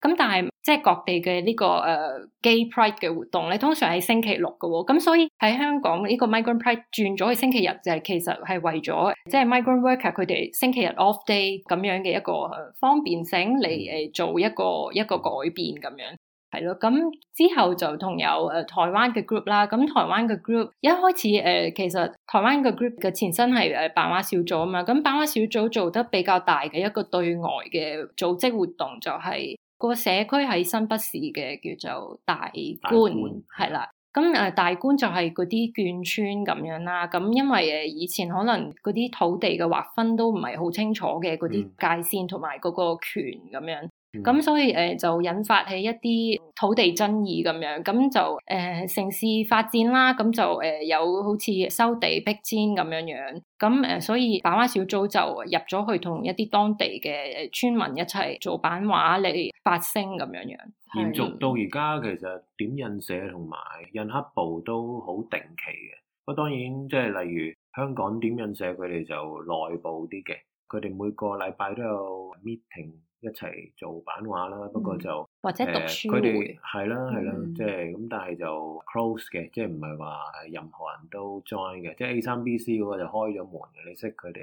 [SPEAKER 3] 咁但係即係各地嘅呢、這個誒、uh, Gay Pride 嘅活動咧，通常係星期六嘅、哦，咁所以喺香港呢、這個 Migrant Pride 轉咗去星期日、就是，就其、是、實係為咗即係 Migrant Worker 佢哋星期日 Off Day 咁樣嘅一個方便性嚟誒做一個一個改變咁樣，係咯。咁之後就同有誒台灣嘅 group 啦，咁台灣嘅 group 一開始誒、呃、其實台灣嘅 group 嘅前身係誒版畫小組啊嘛，咁版畫小組做得比較大嘅一個對外嘅組織活動就係、是。個社區喺新北市嘅，叫做大觀係啦。咁誒冠，大觀就係嗰啲眷村咁樣啦。咁因為誒以前可能嗰啲土地嘅劃分都唔係好清楚嘅，嗰啲界線同埋嗰個權咁樣。咁、嗯、所以誒、呃、就引發起一啲土地爭議咁樣，咁就誒、呃、城市發展啦，咁就誒、呃、有好似收地逼遷咁樣樣，咁誒、呃、所以版畫小組就入咗去同一啲當地嘅村民一齊做版畫嚟發聲咁樣樣。延續
[SPEAKER 2] 到而家其實點印社同埋印刻部都好定期嘅，不過當然即係例如香港點印社佢哋就內部啲嘅，佢哋每個禮拜都有 meeting。一齊做版畫啦，不過就或者讀書會佢哋係啦係啦，即係咁，但係就 close 嘅，即係唔係話任何人都 join 嘅，即係 A 三 B C 嗰個就開咗門嘅，你識佢哋，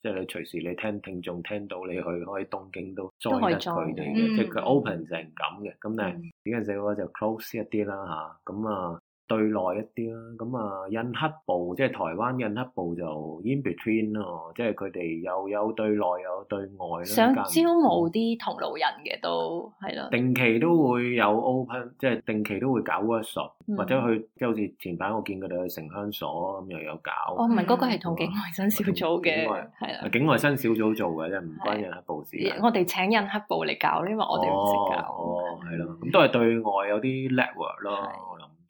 [SPEAKER 2] 即係你隨時你聽聽眾聽到你去開東京都 join 得佢哋嘅，嗯、即係佢 open 成咁嘅，咁但係呢陣時嘅話就 close 一啲啦吓，咁啊。對內一啲啦，咁啊，印刻部即係台灣印刻部就 in between 咯，即係佢哋又有對內有對外啦。想招
[SPEAKER 3] 募啲同路人嘅都係咯，
[SPEAKER 2] 定期都會有 open，即係定期都會搞 workshop 或者去即係好似前排我見佢哋去城鄉所咁又有搞。哦，唔係嗰個係
[SPEAKER 3] 同境外生小組嘅，係啊，
[SPEAKER 2] 境外生小組做嘅，即唔關印刻部事。
[SPEAKER 3] 我哋請印刻部嚟搞，
[SPEAKER 1] 因為我哋唔識搞。哦，
[SPEAKER 2] 係咯，咁都係對外有啲 network 咯。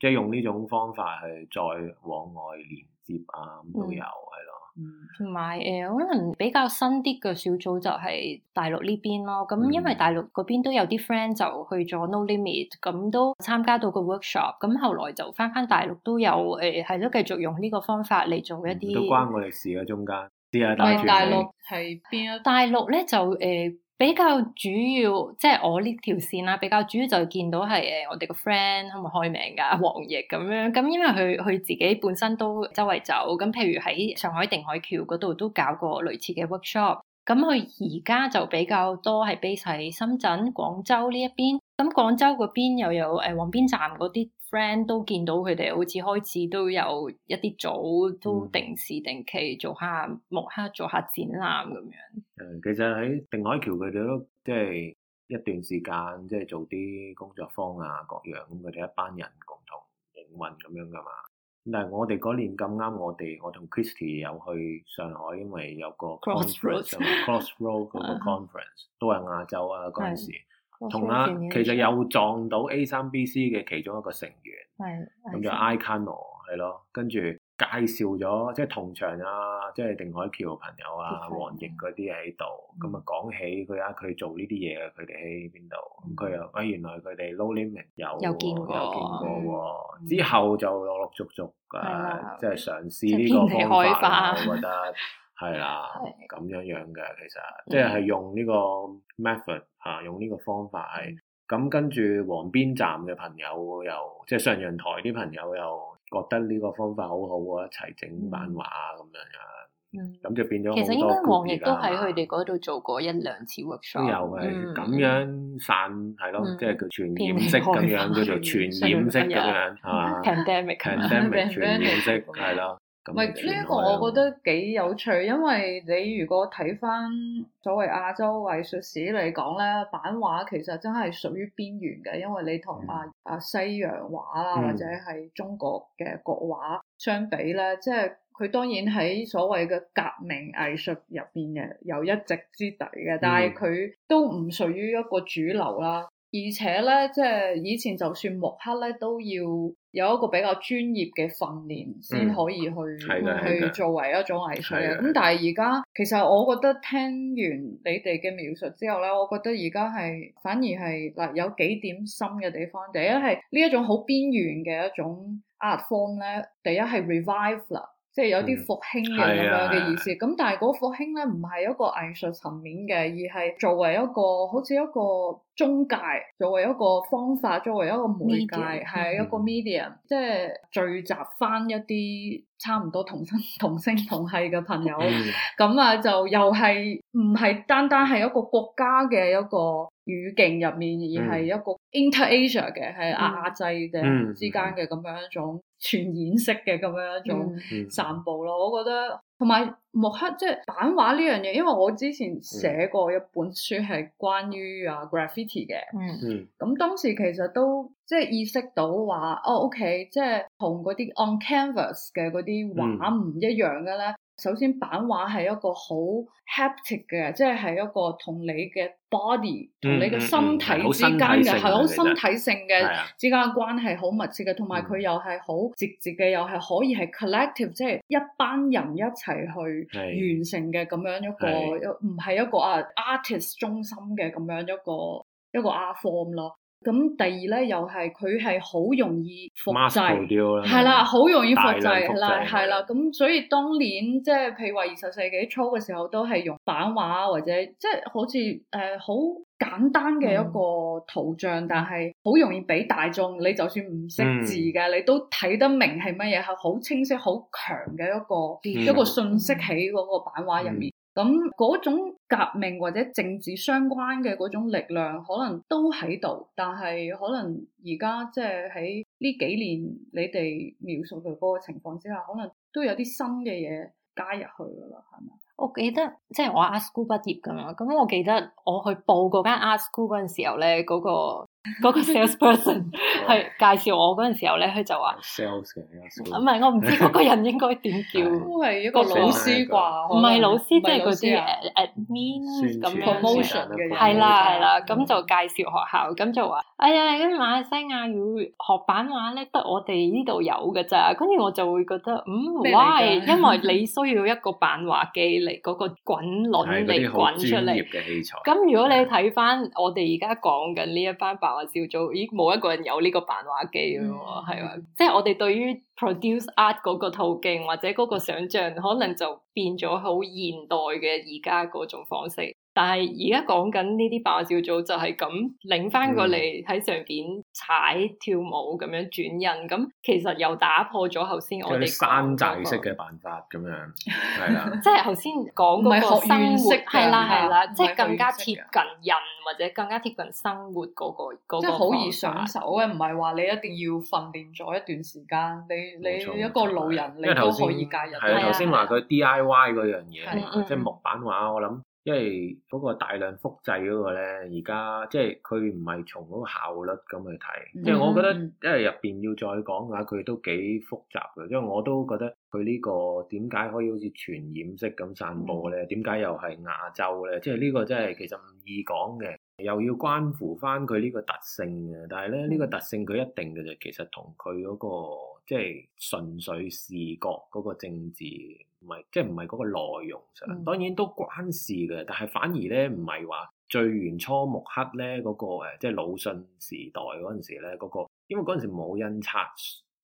[SPEAKER 2] 即係用呢種方法去再往外連接啊，咁都有係、嗯、咯。
[SPEAKER 1] 同
[SPEAKER 3] 埋誒，可能比較新啲嘅小組就係大陸呢邊咯。咁因為大陸嗰邊都有啲 friend 就去咗 No Limit，咁都參加到個 workshop。咁後來就翻翻大陸都有誒，係咯、嗯，呃、繼續用呢個方法嚟做一啲、嗯。都關
[SPEAKER 2] 我哋事嘅、啊、中間。係啊，大陸
[SPEAKER 3] 喺邊呀？大陸咧就誒。呃比較主要，即係我呢條線啦、啊，比較主要就見到係誒我哋個 friend 係咪開名噶黃奕咁樣，咁因為佢佢自己本身都周圍走，咁譬如喺上海定海橋嗰度都搞過類似嘅 workshop，咁佢而家就比較多係 base 喺深圳、廣州呢一邊，咁廣州嗰邊又有誒、欸、黃邊站嗰啲。friend 都見到佢哋，好似開始都有一啲組，都定時定期做下木刻、做，下，做下展覽咁樣。
[SPEAKER 2] 誒、嗯，其實喺定海橋佢哋都即係、就是、一段時間，即、就、係、是、做啲工作坊啊，各樣咁佢哋一班人共同營運咁樣噶嘛。但係我哋嗰年咁啱，我哋我同 Kristy 有去上海，因為有個 crossroads crossroad 嗰 個，cross 個 conference 都係亞洲啊嗰陣時。同啊，其實又撞到 A 三 B C 嘅其中一個成員，咁就 Icon 咯，係咯、嗯，跟住介紹咗，即係同場啊，即係定海橋朋友啊，王奕嗰啲喺度，咁啊講起佢啊，佢做呢啲嘢，佢哋喺邊度，咁佢又，哎，原來佢哋 low 撈呢名有，有見過，哦、之後就陸陸續續誒，即係嘗試呢個方法，我覺得係啦，咁樣樣嘅，其實的、嗯、即係用呢個 method。啊！用呢個方法係咁，跟住黃邊站嘅朋友又即係上陽台啲朋友又覺得呢個方法好好啊，一齊整版畫咁樣嘅，咁就變咗。其實應該黃亦都喺佢
[SPEAKER 3] 哋嗰度做過一兩次 workshop。又係咁
[SPEAKER 2] 樣散係咯，即係叫傳染色咁樣，叫做傳染色咁樣嚇。
[SPEAKER 1] Pandemic Pandemic 傳染色。
[SPEAKER 3] 係咯。唔係呢一
[SPEAKER 1] 個，我覺得幾有趣，因為你如果睇翻所謂亞洲藝術史嚟講咧，版畫其實真係屬於邊緣嘅，因為你同啊啊西洋畫啊或者係中國嘅國畫相比咧，嗯、即係佢當然喺所謂嘅革命藝術入邊嘅有一席之地嘅，但係佢都唔屬於一個主流啦，啊。而且咧，即係以前就算木刻咧，都要有一個比較專業嘅訓練先可以去、嗯、去作為一種藝術嘅。咁的但係而家其實我覺得聽完你哋嘅描述之後咧，我覺得而家係反而係嗱、呃、有幾點深嘅地方。第一係呢一種好邊緣嘅一種 art form 咧，第一係 revive 啦，即係有啲復興嘅咁樣嘅意思。咁的但係嗰復興咧唔係一個藝術層面嘅，而係作為一個好似一個。中介作為一個方法，作為一個媒介，係 Medium, 一個 medium，即係、嗯、聚集翻一啲差唔多同生同聲同系嘅朋友，咁、嗯、啊就又係唔係單單係一個國家嘅一個語境入面，而係一個 Inter-Asia 嘅係亞際嘅之間嘅咁樣一種傳染式嘅咁樣一種散佈咯，嗯嗯嗯、我覺得。同埋木刻即係版畫呢樣嘢，因為我之前寫過一本書係關於啊 graffiti 嘅，嗯，咁當時其實都即係意識到話，哦，OK，即係同嗰啲 on canvas 嘅嗰啲畫唔一樣嘅咧。嗯首先，版畫係一個好 haptic 嘅，即係係一個同你嘅 body，同、嗯、你嘅身體之間嘅，係好、嗯嗯、身體性嘅的之間嘅關係好密切嘅，同埋佢又係好直接嘅，又係可以係 collective、嗯、即係一班人一齊去完成嘅咁的樣一個，唔係的一個啊 artist 中心嘅咁樣一個一個，個 art form 咯。咁第二咧，又係佢係好容易複製，係啦，好容易複製啦，係啦。咁所以當年即係、就是、譬如話二十世紀初嘅時候，都係用版畫或者即係、就是、好似誒好簡單嘅一個圖像，嗯、但係好容易俾大眾，你就算唔識字嘅，嗯、你都睇得明係乜嘢，係好清晰、好強嘅一個、嗯、一個信息喺嗰個版畫入面。嗯咁嗰、嗯、種革命或者政治相關嘅嗰種力量，可能都喺度，但係可能而家即係喺呢幾年你哋描述佢嗰個情況之下，可能都有啲新嘅嘢加入去噶啦，係咪？
[SPEAKER 3] 我記得即係我 Art School 畢業咁樣，咁我記得我去報嗰間 Art School 嗰陣時候咧，嗰、嗰個。嗰個 salesperson 係介紹我嗰陣時候咧，佢就話
[SPEAKER 2] sales，唔係我唔知嗰個
[SPEAKER 3] 人應該點叫，一個老師啩，唔係老師，即係嗰啲 admin 咁 promotion 嘅人，係啦係啦，咁就介紹學校，咁就話，哎呀，咁馬來西亞要學版畫咧，得我哋呢度有噶咋，跟住我就會覺得，嗯，why？因為你需要一個版畫機嚟，嗰個滾輪嚟滾出嚟嘅器
[SPEAKER 2] 材。咁
[SPEAKER 3] 如果你睇翻我哋而家講緊呢一班白話少做，咦，冇一個人有呢個版畫機嘅喎，係嘛？嗯、吧即係我哋對於 produce art 嗰個途徑或者嗰個想象，可能就變咗好現代嘅而家嗰種方式。但係而家講緊呢啲把小組就係咁拎翻過嚟喺、嗯、上邊踩跳舞咁樣轉印，咁其實又打破咗頭先我哋、那個、
[SPEAKER 2] 山寨式嘅辦法咁樣，係啦 的，
[SPEAKER 3] 即係頭先講嗰個生活，係啦係啦，即係更加
[SPEAKER 1] 貼近人或者更加貼近生活嗰、那個，那個、即係好易上手嘅，唔係話你一定要訓練咗一段時間，你錯你一個老人，你都可以加入。係啊，頭先話佢
[SPEAKER 2] D I Y 嗰樣嘢，即係的的木板畫，我諗。因為嗰個大量複製嗰個咧，而家即係佢唔係從嗰個效率咁去睇，mm hmm. 即係我覺得因為入邊要再講嘅話佢都幾複雜嘅，因為我都覺得佢呢個點解可以好似傳染式咁散播咧？點解、mm hmm. 又係亞洲咧？即係呢個真係其實唔易講嘅，又要關乎翻佢呢個特性嘅。但係咧呢、mm hmm. 個特性佢一定嘅就其實同佢嗰個。即係純粹視覺嗰個政治，唔係，即係唔係嗰個內容上，嗯、當然都關事嘅。但係反而咧，唔係話最原初木刻咧、那、嗰個誒，即係魯迅時代嗰陣時咧嗰、那個，因為嗰陣時冇印刷，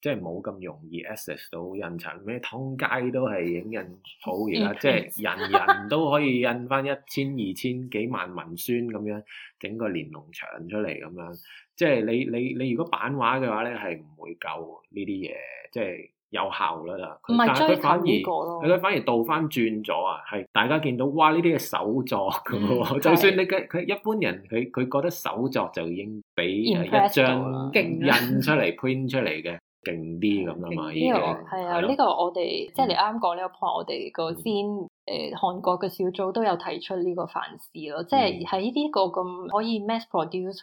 [SPEAKER 2] 即係冇咁容易 access 到印刷咩，通街都係影印好，而家即係人人都可以印翻一千、二千、幾萬文宣咁樣，整個連儂牆出嚟咁樣。即係你你你如果版畫嘅話咧，係唔會夠呢啲嘢，即係有效率啦。是但係張太過咯，佢反而倒翻轉咗啊！係大家見到，哇！呢啲係手作㗎喎、哦，嗯、就算你佢佢的一般人，佢佢覺得手作就已經比一張印出嚟、print 出嚟嘅。 勁啲咁啊嘛，呢個係啊，呢個
[SPEAKER 3] 我哋 即係你啱講呢個 point，我哋個先誒韓國嘅小組都有提出呢個反思咯，即係喺呢個咁可以 mass produce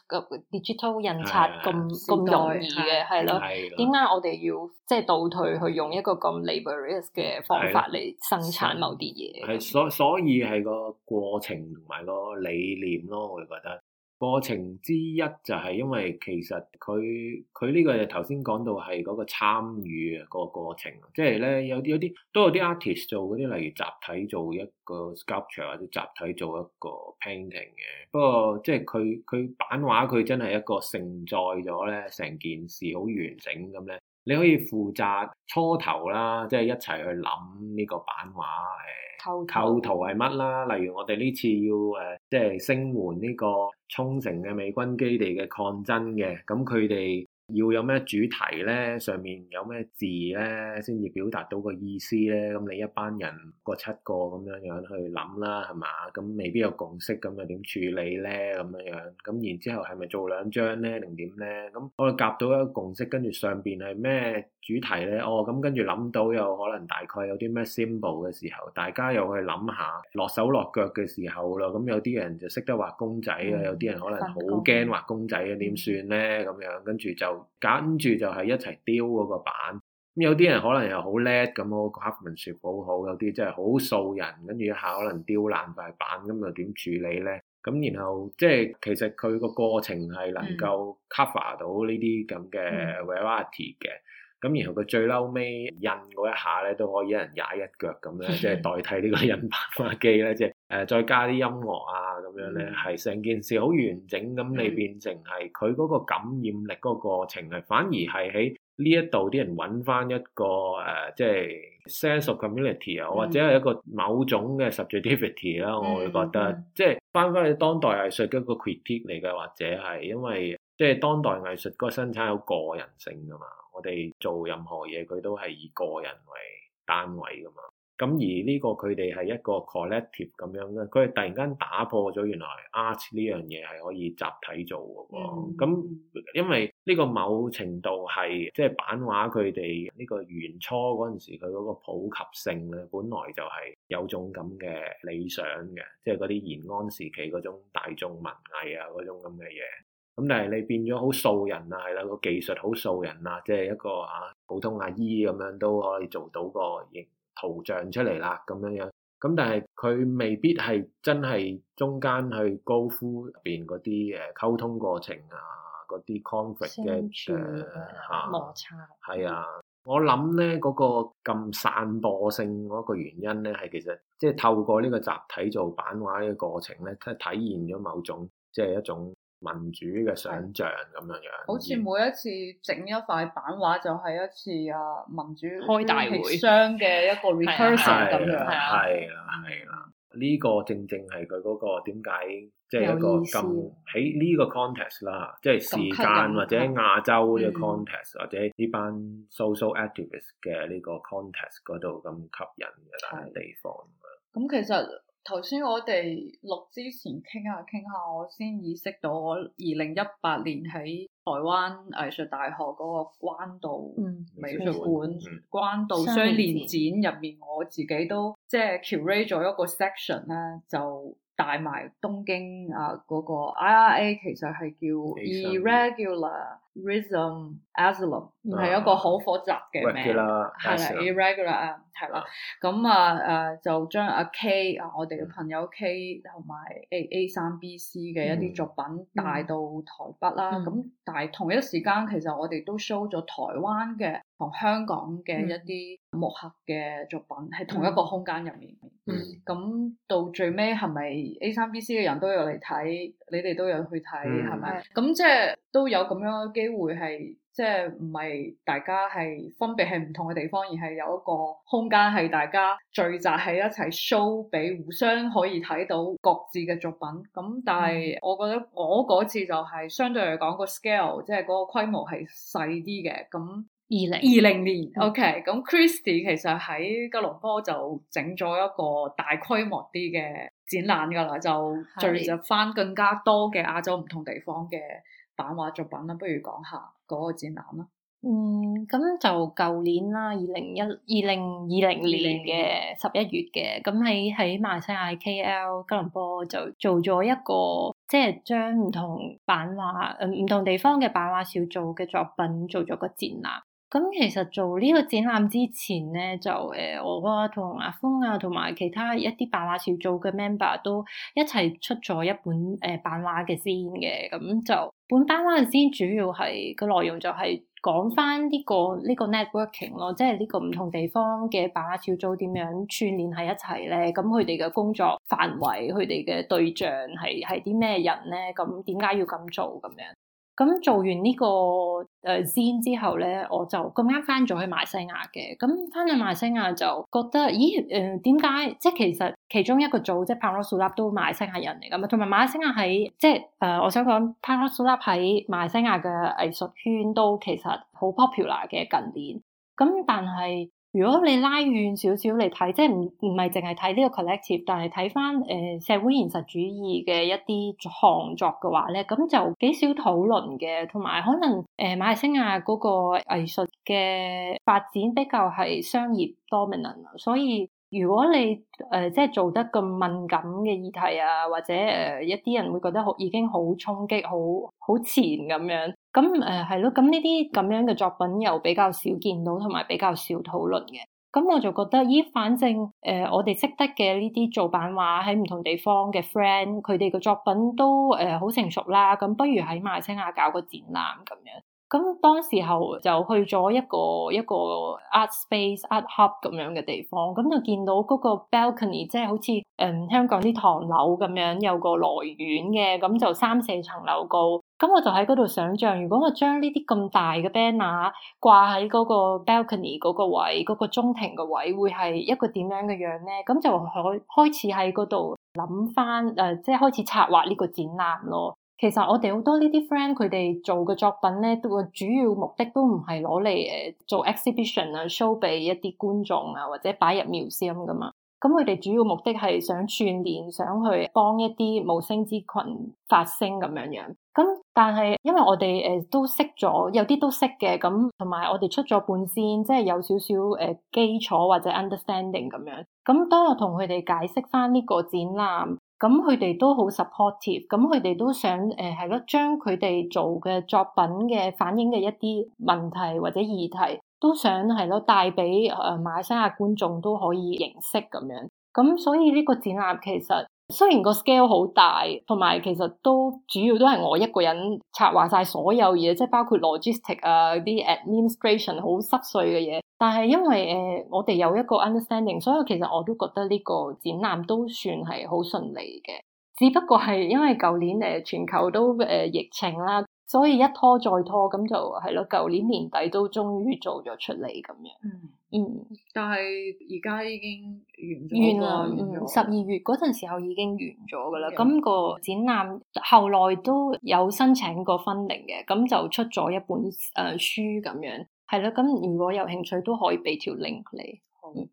[SPEAKER 3] digital 印刷咁咁容易嘅係咯，點解我哋要即係、就是、倒退去用一個咁 laborious 嘅方法嚟生產某啲嘢？係
[SPEAKER 2] 所所以係個過程同埋個理念咯，我哋覺得。過程之一就係因為其實佢佢呢個就頭先講到係嗰個參與個過程，即係咧有有啲都有啲 artist 做嗰啲，例如集體做一個 sculpture 或者集體做一個 painting 嘅。不過即係佢佢版畫佢真係一個盛載咗咧成件事好完整咁咧。你可以負責初頭啦，即係一齊去諗呢個版畫誒構圖係乜啦。例如我哋呢次要誒，即係聲援呢個沖繩嘅美軍基地嘅抗爭嘅，咁佢哋。要有咩主題咧？上面有咩字咧？先至表達到個意思咧？咁你一班人五個七個咁樣樣去諗啦，係嘛？咁未必有共識，咁又點處理咧？咁樣樣，咁然之後係咪做兩張咧，定點咧？咁我哋夾到一個共識，跟住上邊係咩主題咧？哦，咁跟住諗到，又可能大概有啲咩 symbol 嘅時候，大家又去諗下落手落腳嘅時候咯。咁有啲人就識得畫公仔啊，嗯、有啲人可能好驚畫公仔啊，點算咧？咁樣跟住就。跟住就係一齊雕嗰個板，咁、嗯、有啲人可能又好叻咁，嗰、那個黑文雪好好，有啲真係好掃人，跟住一下可能雕爛塊板，咁又點處理咧？咁然後即係其實佢個過程係能夠 cover 到呢啲咁嘅 variety 嘅、嗯。咁然後佢最嬲尾印嗰一下咧，都可以一人踩一腳咁樣，即係 代替呢個印版畫機咧，即係誒再加啲音樂啊咁樣咧，係成、嗯、件事好完整咁，你變成係佢嗰個感染力嗰個過程係，反而係喺呢一度啲人揾翻一個誒，即、呃、係、就是、sense of community 啊、嗯，或者係一個某種嘅 subjectivity 啦、嗯，我會覺得即係翻返去當代藝術嘅一個 critique 嚟嘅，或者係因為即係、就是、當代藝術嗰個生產有個人性㗎嘛。我哋做任何嘢，佢都係以個人為單位噶嘛。咁而呢、呢個，佢哋係一個 collective 咁樣咧，佢係突然間打破咗原來 art 呢樣嘢係可以集體做嘅喎。咁、嗯、因為呢個某程度係即係版畫，佢哋呢個元初嗰陣時佢嗰個普及性咧，本來就係有種咁嘅理想嘅，即係嗰啲延安時期嗰種大眾文藝啊嗰種咁嘅嘢。咁但係你變咗好素人，素人啊，係啦，個技術好素人啊，即係一個啊普通阿姨咁樣都可以做到個形圖像出嚟啦，咁樣樣。咁但係佢未必係真係中間去高呼入邊嗰啲誒溝通過程啊，嗰啲 conflict 嘅下摩擦。係啊，我諗咧嗰個咁散播性一個原因咧，係其實即係、就是、透過呢個集體做版畫呢個過程咧，體現咗某種即係、就是、一種。民主嘅想象咁樣樣， 好似
[SPEAKER 1] 每一次整一塊版畫就係一次啊民主開大會商嘅一個 recursion 咁樣。係
[SPEAKER 2] 啦係啦，呢個正正係佢嗰個點解即係一個咁喺呢個 context 啦，即係時間或者亞洲嘅 context、嗯、或者呢班 social activist 嘅呢個 context 嗰度咁吸引嘅地方
[SPEAKER 1] 咁 其實。頭先我哋錄之前傾下傾下，我先意識到我二零一八年喺台灣藝術大學嗰個關渡美術館關渡雙年展入面，我自己都即係 curate 咗一個 section 咧，就帶埋東京啊嗰、嗰個 IRA 其實係叫 Irregular。Rhythm Asylum 係一個好複雜嘅名，係啦，Irregular 啊，係啦，咁啊誒就將阿 K 啊，我哋嘅朋友 K 同埋誒 A 三 B C 嘅一啲作品帶到台北啦。咁但係同一時間，其實我哋都 show 咗台灣嘅同香港嘅一啲木刻嘅作品，喺同一個空間入面。嗯，咁到最尾係咪 A 三 B C 嘅人都有嚟睇，你哋都有去睇係咪？咁即係都有咁樣嘅。機會係即係唔係大家係分別喺唔同嘅地方，而係有一個空間係大家聚集喺一齊 show 俾互相可以睇到各自嘅作品。咁但係，嗯、我覺得我嗰次就係、是、相對嚟講個 scale，即係嗰個規模係細啲嘅。咁二零二零年，OK，咁、嗯、Christie 其實喺吉隆坡就整咗一個大規模啲嘅展覽噶啦，就聚集最翻更加多嘅亞洲唔同地方嘅。嗯就是、版畫作品啦，不如講下嗰個展覽啦。嗯，
[SPEAKER 3] 咁就舊年啦，二零一二零二零年嘅十一月嘅，咁喺喺馬來西亞 KL 吉隆坡就做咗一個，即係將唔同版畫唔同地方嘅版畫小組嘅作品做咗個展覽。咁其實做呢個展覽之前咧，就誒、呃、我啊同阿峰啊，同埋其他一啲版畫小組嘅 member 都一齊出咗一本誒版畫嘅書嘅。咁、呃、就本版畫嘅書主要係個內容就係講翻呢個呢、呢個 networking 咯，即係呢個唔同地方嘅版畫小組點樣串聯喺一齊咧？咁佢哋嘅工作範圍，佢哋嘅對象係係啲咩人咧？咁點解要咁做咁樣？咁、嗯、做完呢、這個誒、呃、 之後咧，我就咁啱翻咗去馬來西亞嘅。咁翻去馬來西亞就覺得，咦誒點解？即係其實其中一個組即係 Parasol Lab 都馬來西亞人嚟噶嘛。同埋馬來西亞喺即係誒、呃，我想講 Parasol Lab 喺馬來西亞嘅藝術圈都其實好 popular 嘅近年。咁但係。如果你拉遠少少嚟睇，即係唔唔係淨係睇呢個 collective，但係睇翻誒社會現實主義嘅一啲創作嘅話咧，咁就幾少討論嘅，同埋可能誒、呃、馬來西亞嗰個藝術嘅發展比較係商業 dominant，所以如果你誒、呃、即係做得咁敏感嘅議題啊，或者誒、呃、一啲人會覺得好已經好衝擊好好前咁樣。咁誒係咯，咁呢啲咁樣嘅作品又比較少見到，同埋比較少討論嘅。咁我就覺得，咦，反正誒、呃、我哋識得嘅呢啲做版畫喺唔同地方嘅 friend，佢哋嘅作品都誒好、呃、成熟啦。咁不如喺馬來西亞搞個展覽咁樣。咁當時候就去咗一個一個 art space art hub 咁樣嘅地方，咁就見到嗰個 balcony，即係好似誒、嗯、香港啲唐樓咁樣有個來園嘅，咁就三四層樓高。咁我就喺嗰度想象，如果我將呢啲咁大嘅 banner 掛喺嗰個 balcony 嗰個位、嗰、個中庭嘅位，會係一個點樣嘅樣咧？咁就開開始喺嗰度諗翻誒，即、呃、係、即係、開始策劃呢個展覽咯。其實我哋好多呢啲 friend 佢哋做嘅作品咧，都主要目的都唔係攞嚟誒做 exhibition 啊，show 俾一啲觀眾啊，或者擺入 museum 噶嘛。咁佢哋主要目的係想串聯，想去幫一啲無聲之群發聲咁樣樣。咁，但係因為我哋誒都識咗，有啲都識嘅，咁同埋我哋出咗半先，即係有少少誒基礎或者 understanding 咁樣。咁當我同佢哋解釋翻呢個展覽，咁佢哋都好 supportive，咁佢哋都想誒係咯，將佢哋做嘅作品嘅反映嘅一啲問題或者議題，都想係咯帶俾誒、呃、馬來西亞觀眾都可以認識咁樣。咁所以呢個展覽其實，雖然個 scale 好大，同埋其實都主要都係我一個人策劃晒所有嘢，即係包括 logistic 啊啲 administration 好濕碎嘅嘢。但係因為誒、呃、我哋有一個 understanding，所以其實我都覺得呢個展覽都算係好順利嘅。只不過係因為舊年誒全球都誒、呃、疫情啦，所以一拖再拖，咁就係咯。舊年年底都終於做咗出嚟咁樣。嗯
[SPEAKER 1] 嗯，但係而家已經完咗，原來了了嗯，十二
[SPEAKER 3] 月嗰陣時候已經完咗噶啦。咁、嗯、個展覽後來都有申請過 funding 嘅，咁就出咗一本誒、uh, 書咁樣，係啦。咁如果有興趣都可以俾條 link 你，
[SPEAKER 1] 咁、嗯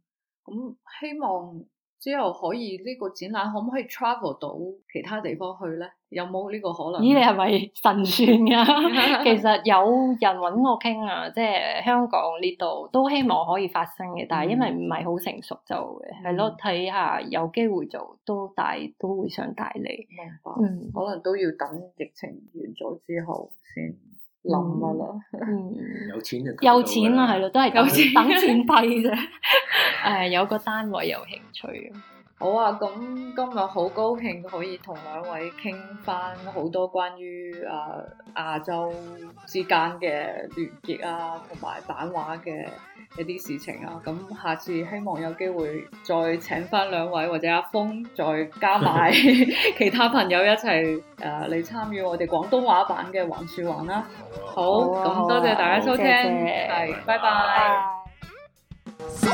[SPEAKER 1] 嗯、希望。之後可以呢個展覽可唔可以 travel 到其他地方去咧？有冇呢個可能？咦，你係咪
[SPEAKER 3] 神算噶，啊？ 其實有人搵我傾啊，即係香港呢度都希望可以發生嘅，但係因為唔係好成熟就係咯，睇、嗯、下有機會
[SPEAKER 1] 就都大都會想帶你。明白，嗯，可能都要等疫情完咗之後先。諗啊啦，嗯，嗯有錢就有錢啊，係咯，都
[SPEAKER 3] 係等錢批啫，誒，有個單位有興趣。
[SPEAKER 1] 好啊！咁今日好高興可以同兩位傾翻好多關於誒亞洲之間嘅聯結啊，同埋版畫嘅一啲事情啊！咁下次希望有機會再請翻兩位或者阿峰再加埋 其他朋友一齊誒嚟參與我哋廣東話版嘅橫豎橫啦！好，咁，啊啊、多謝大家收聽，啊，拜拜。拜拜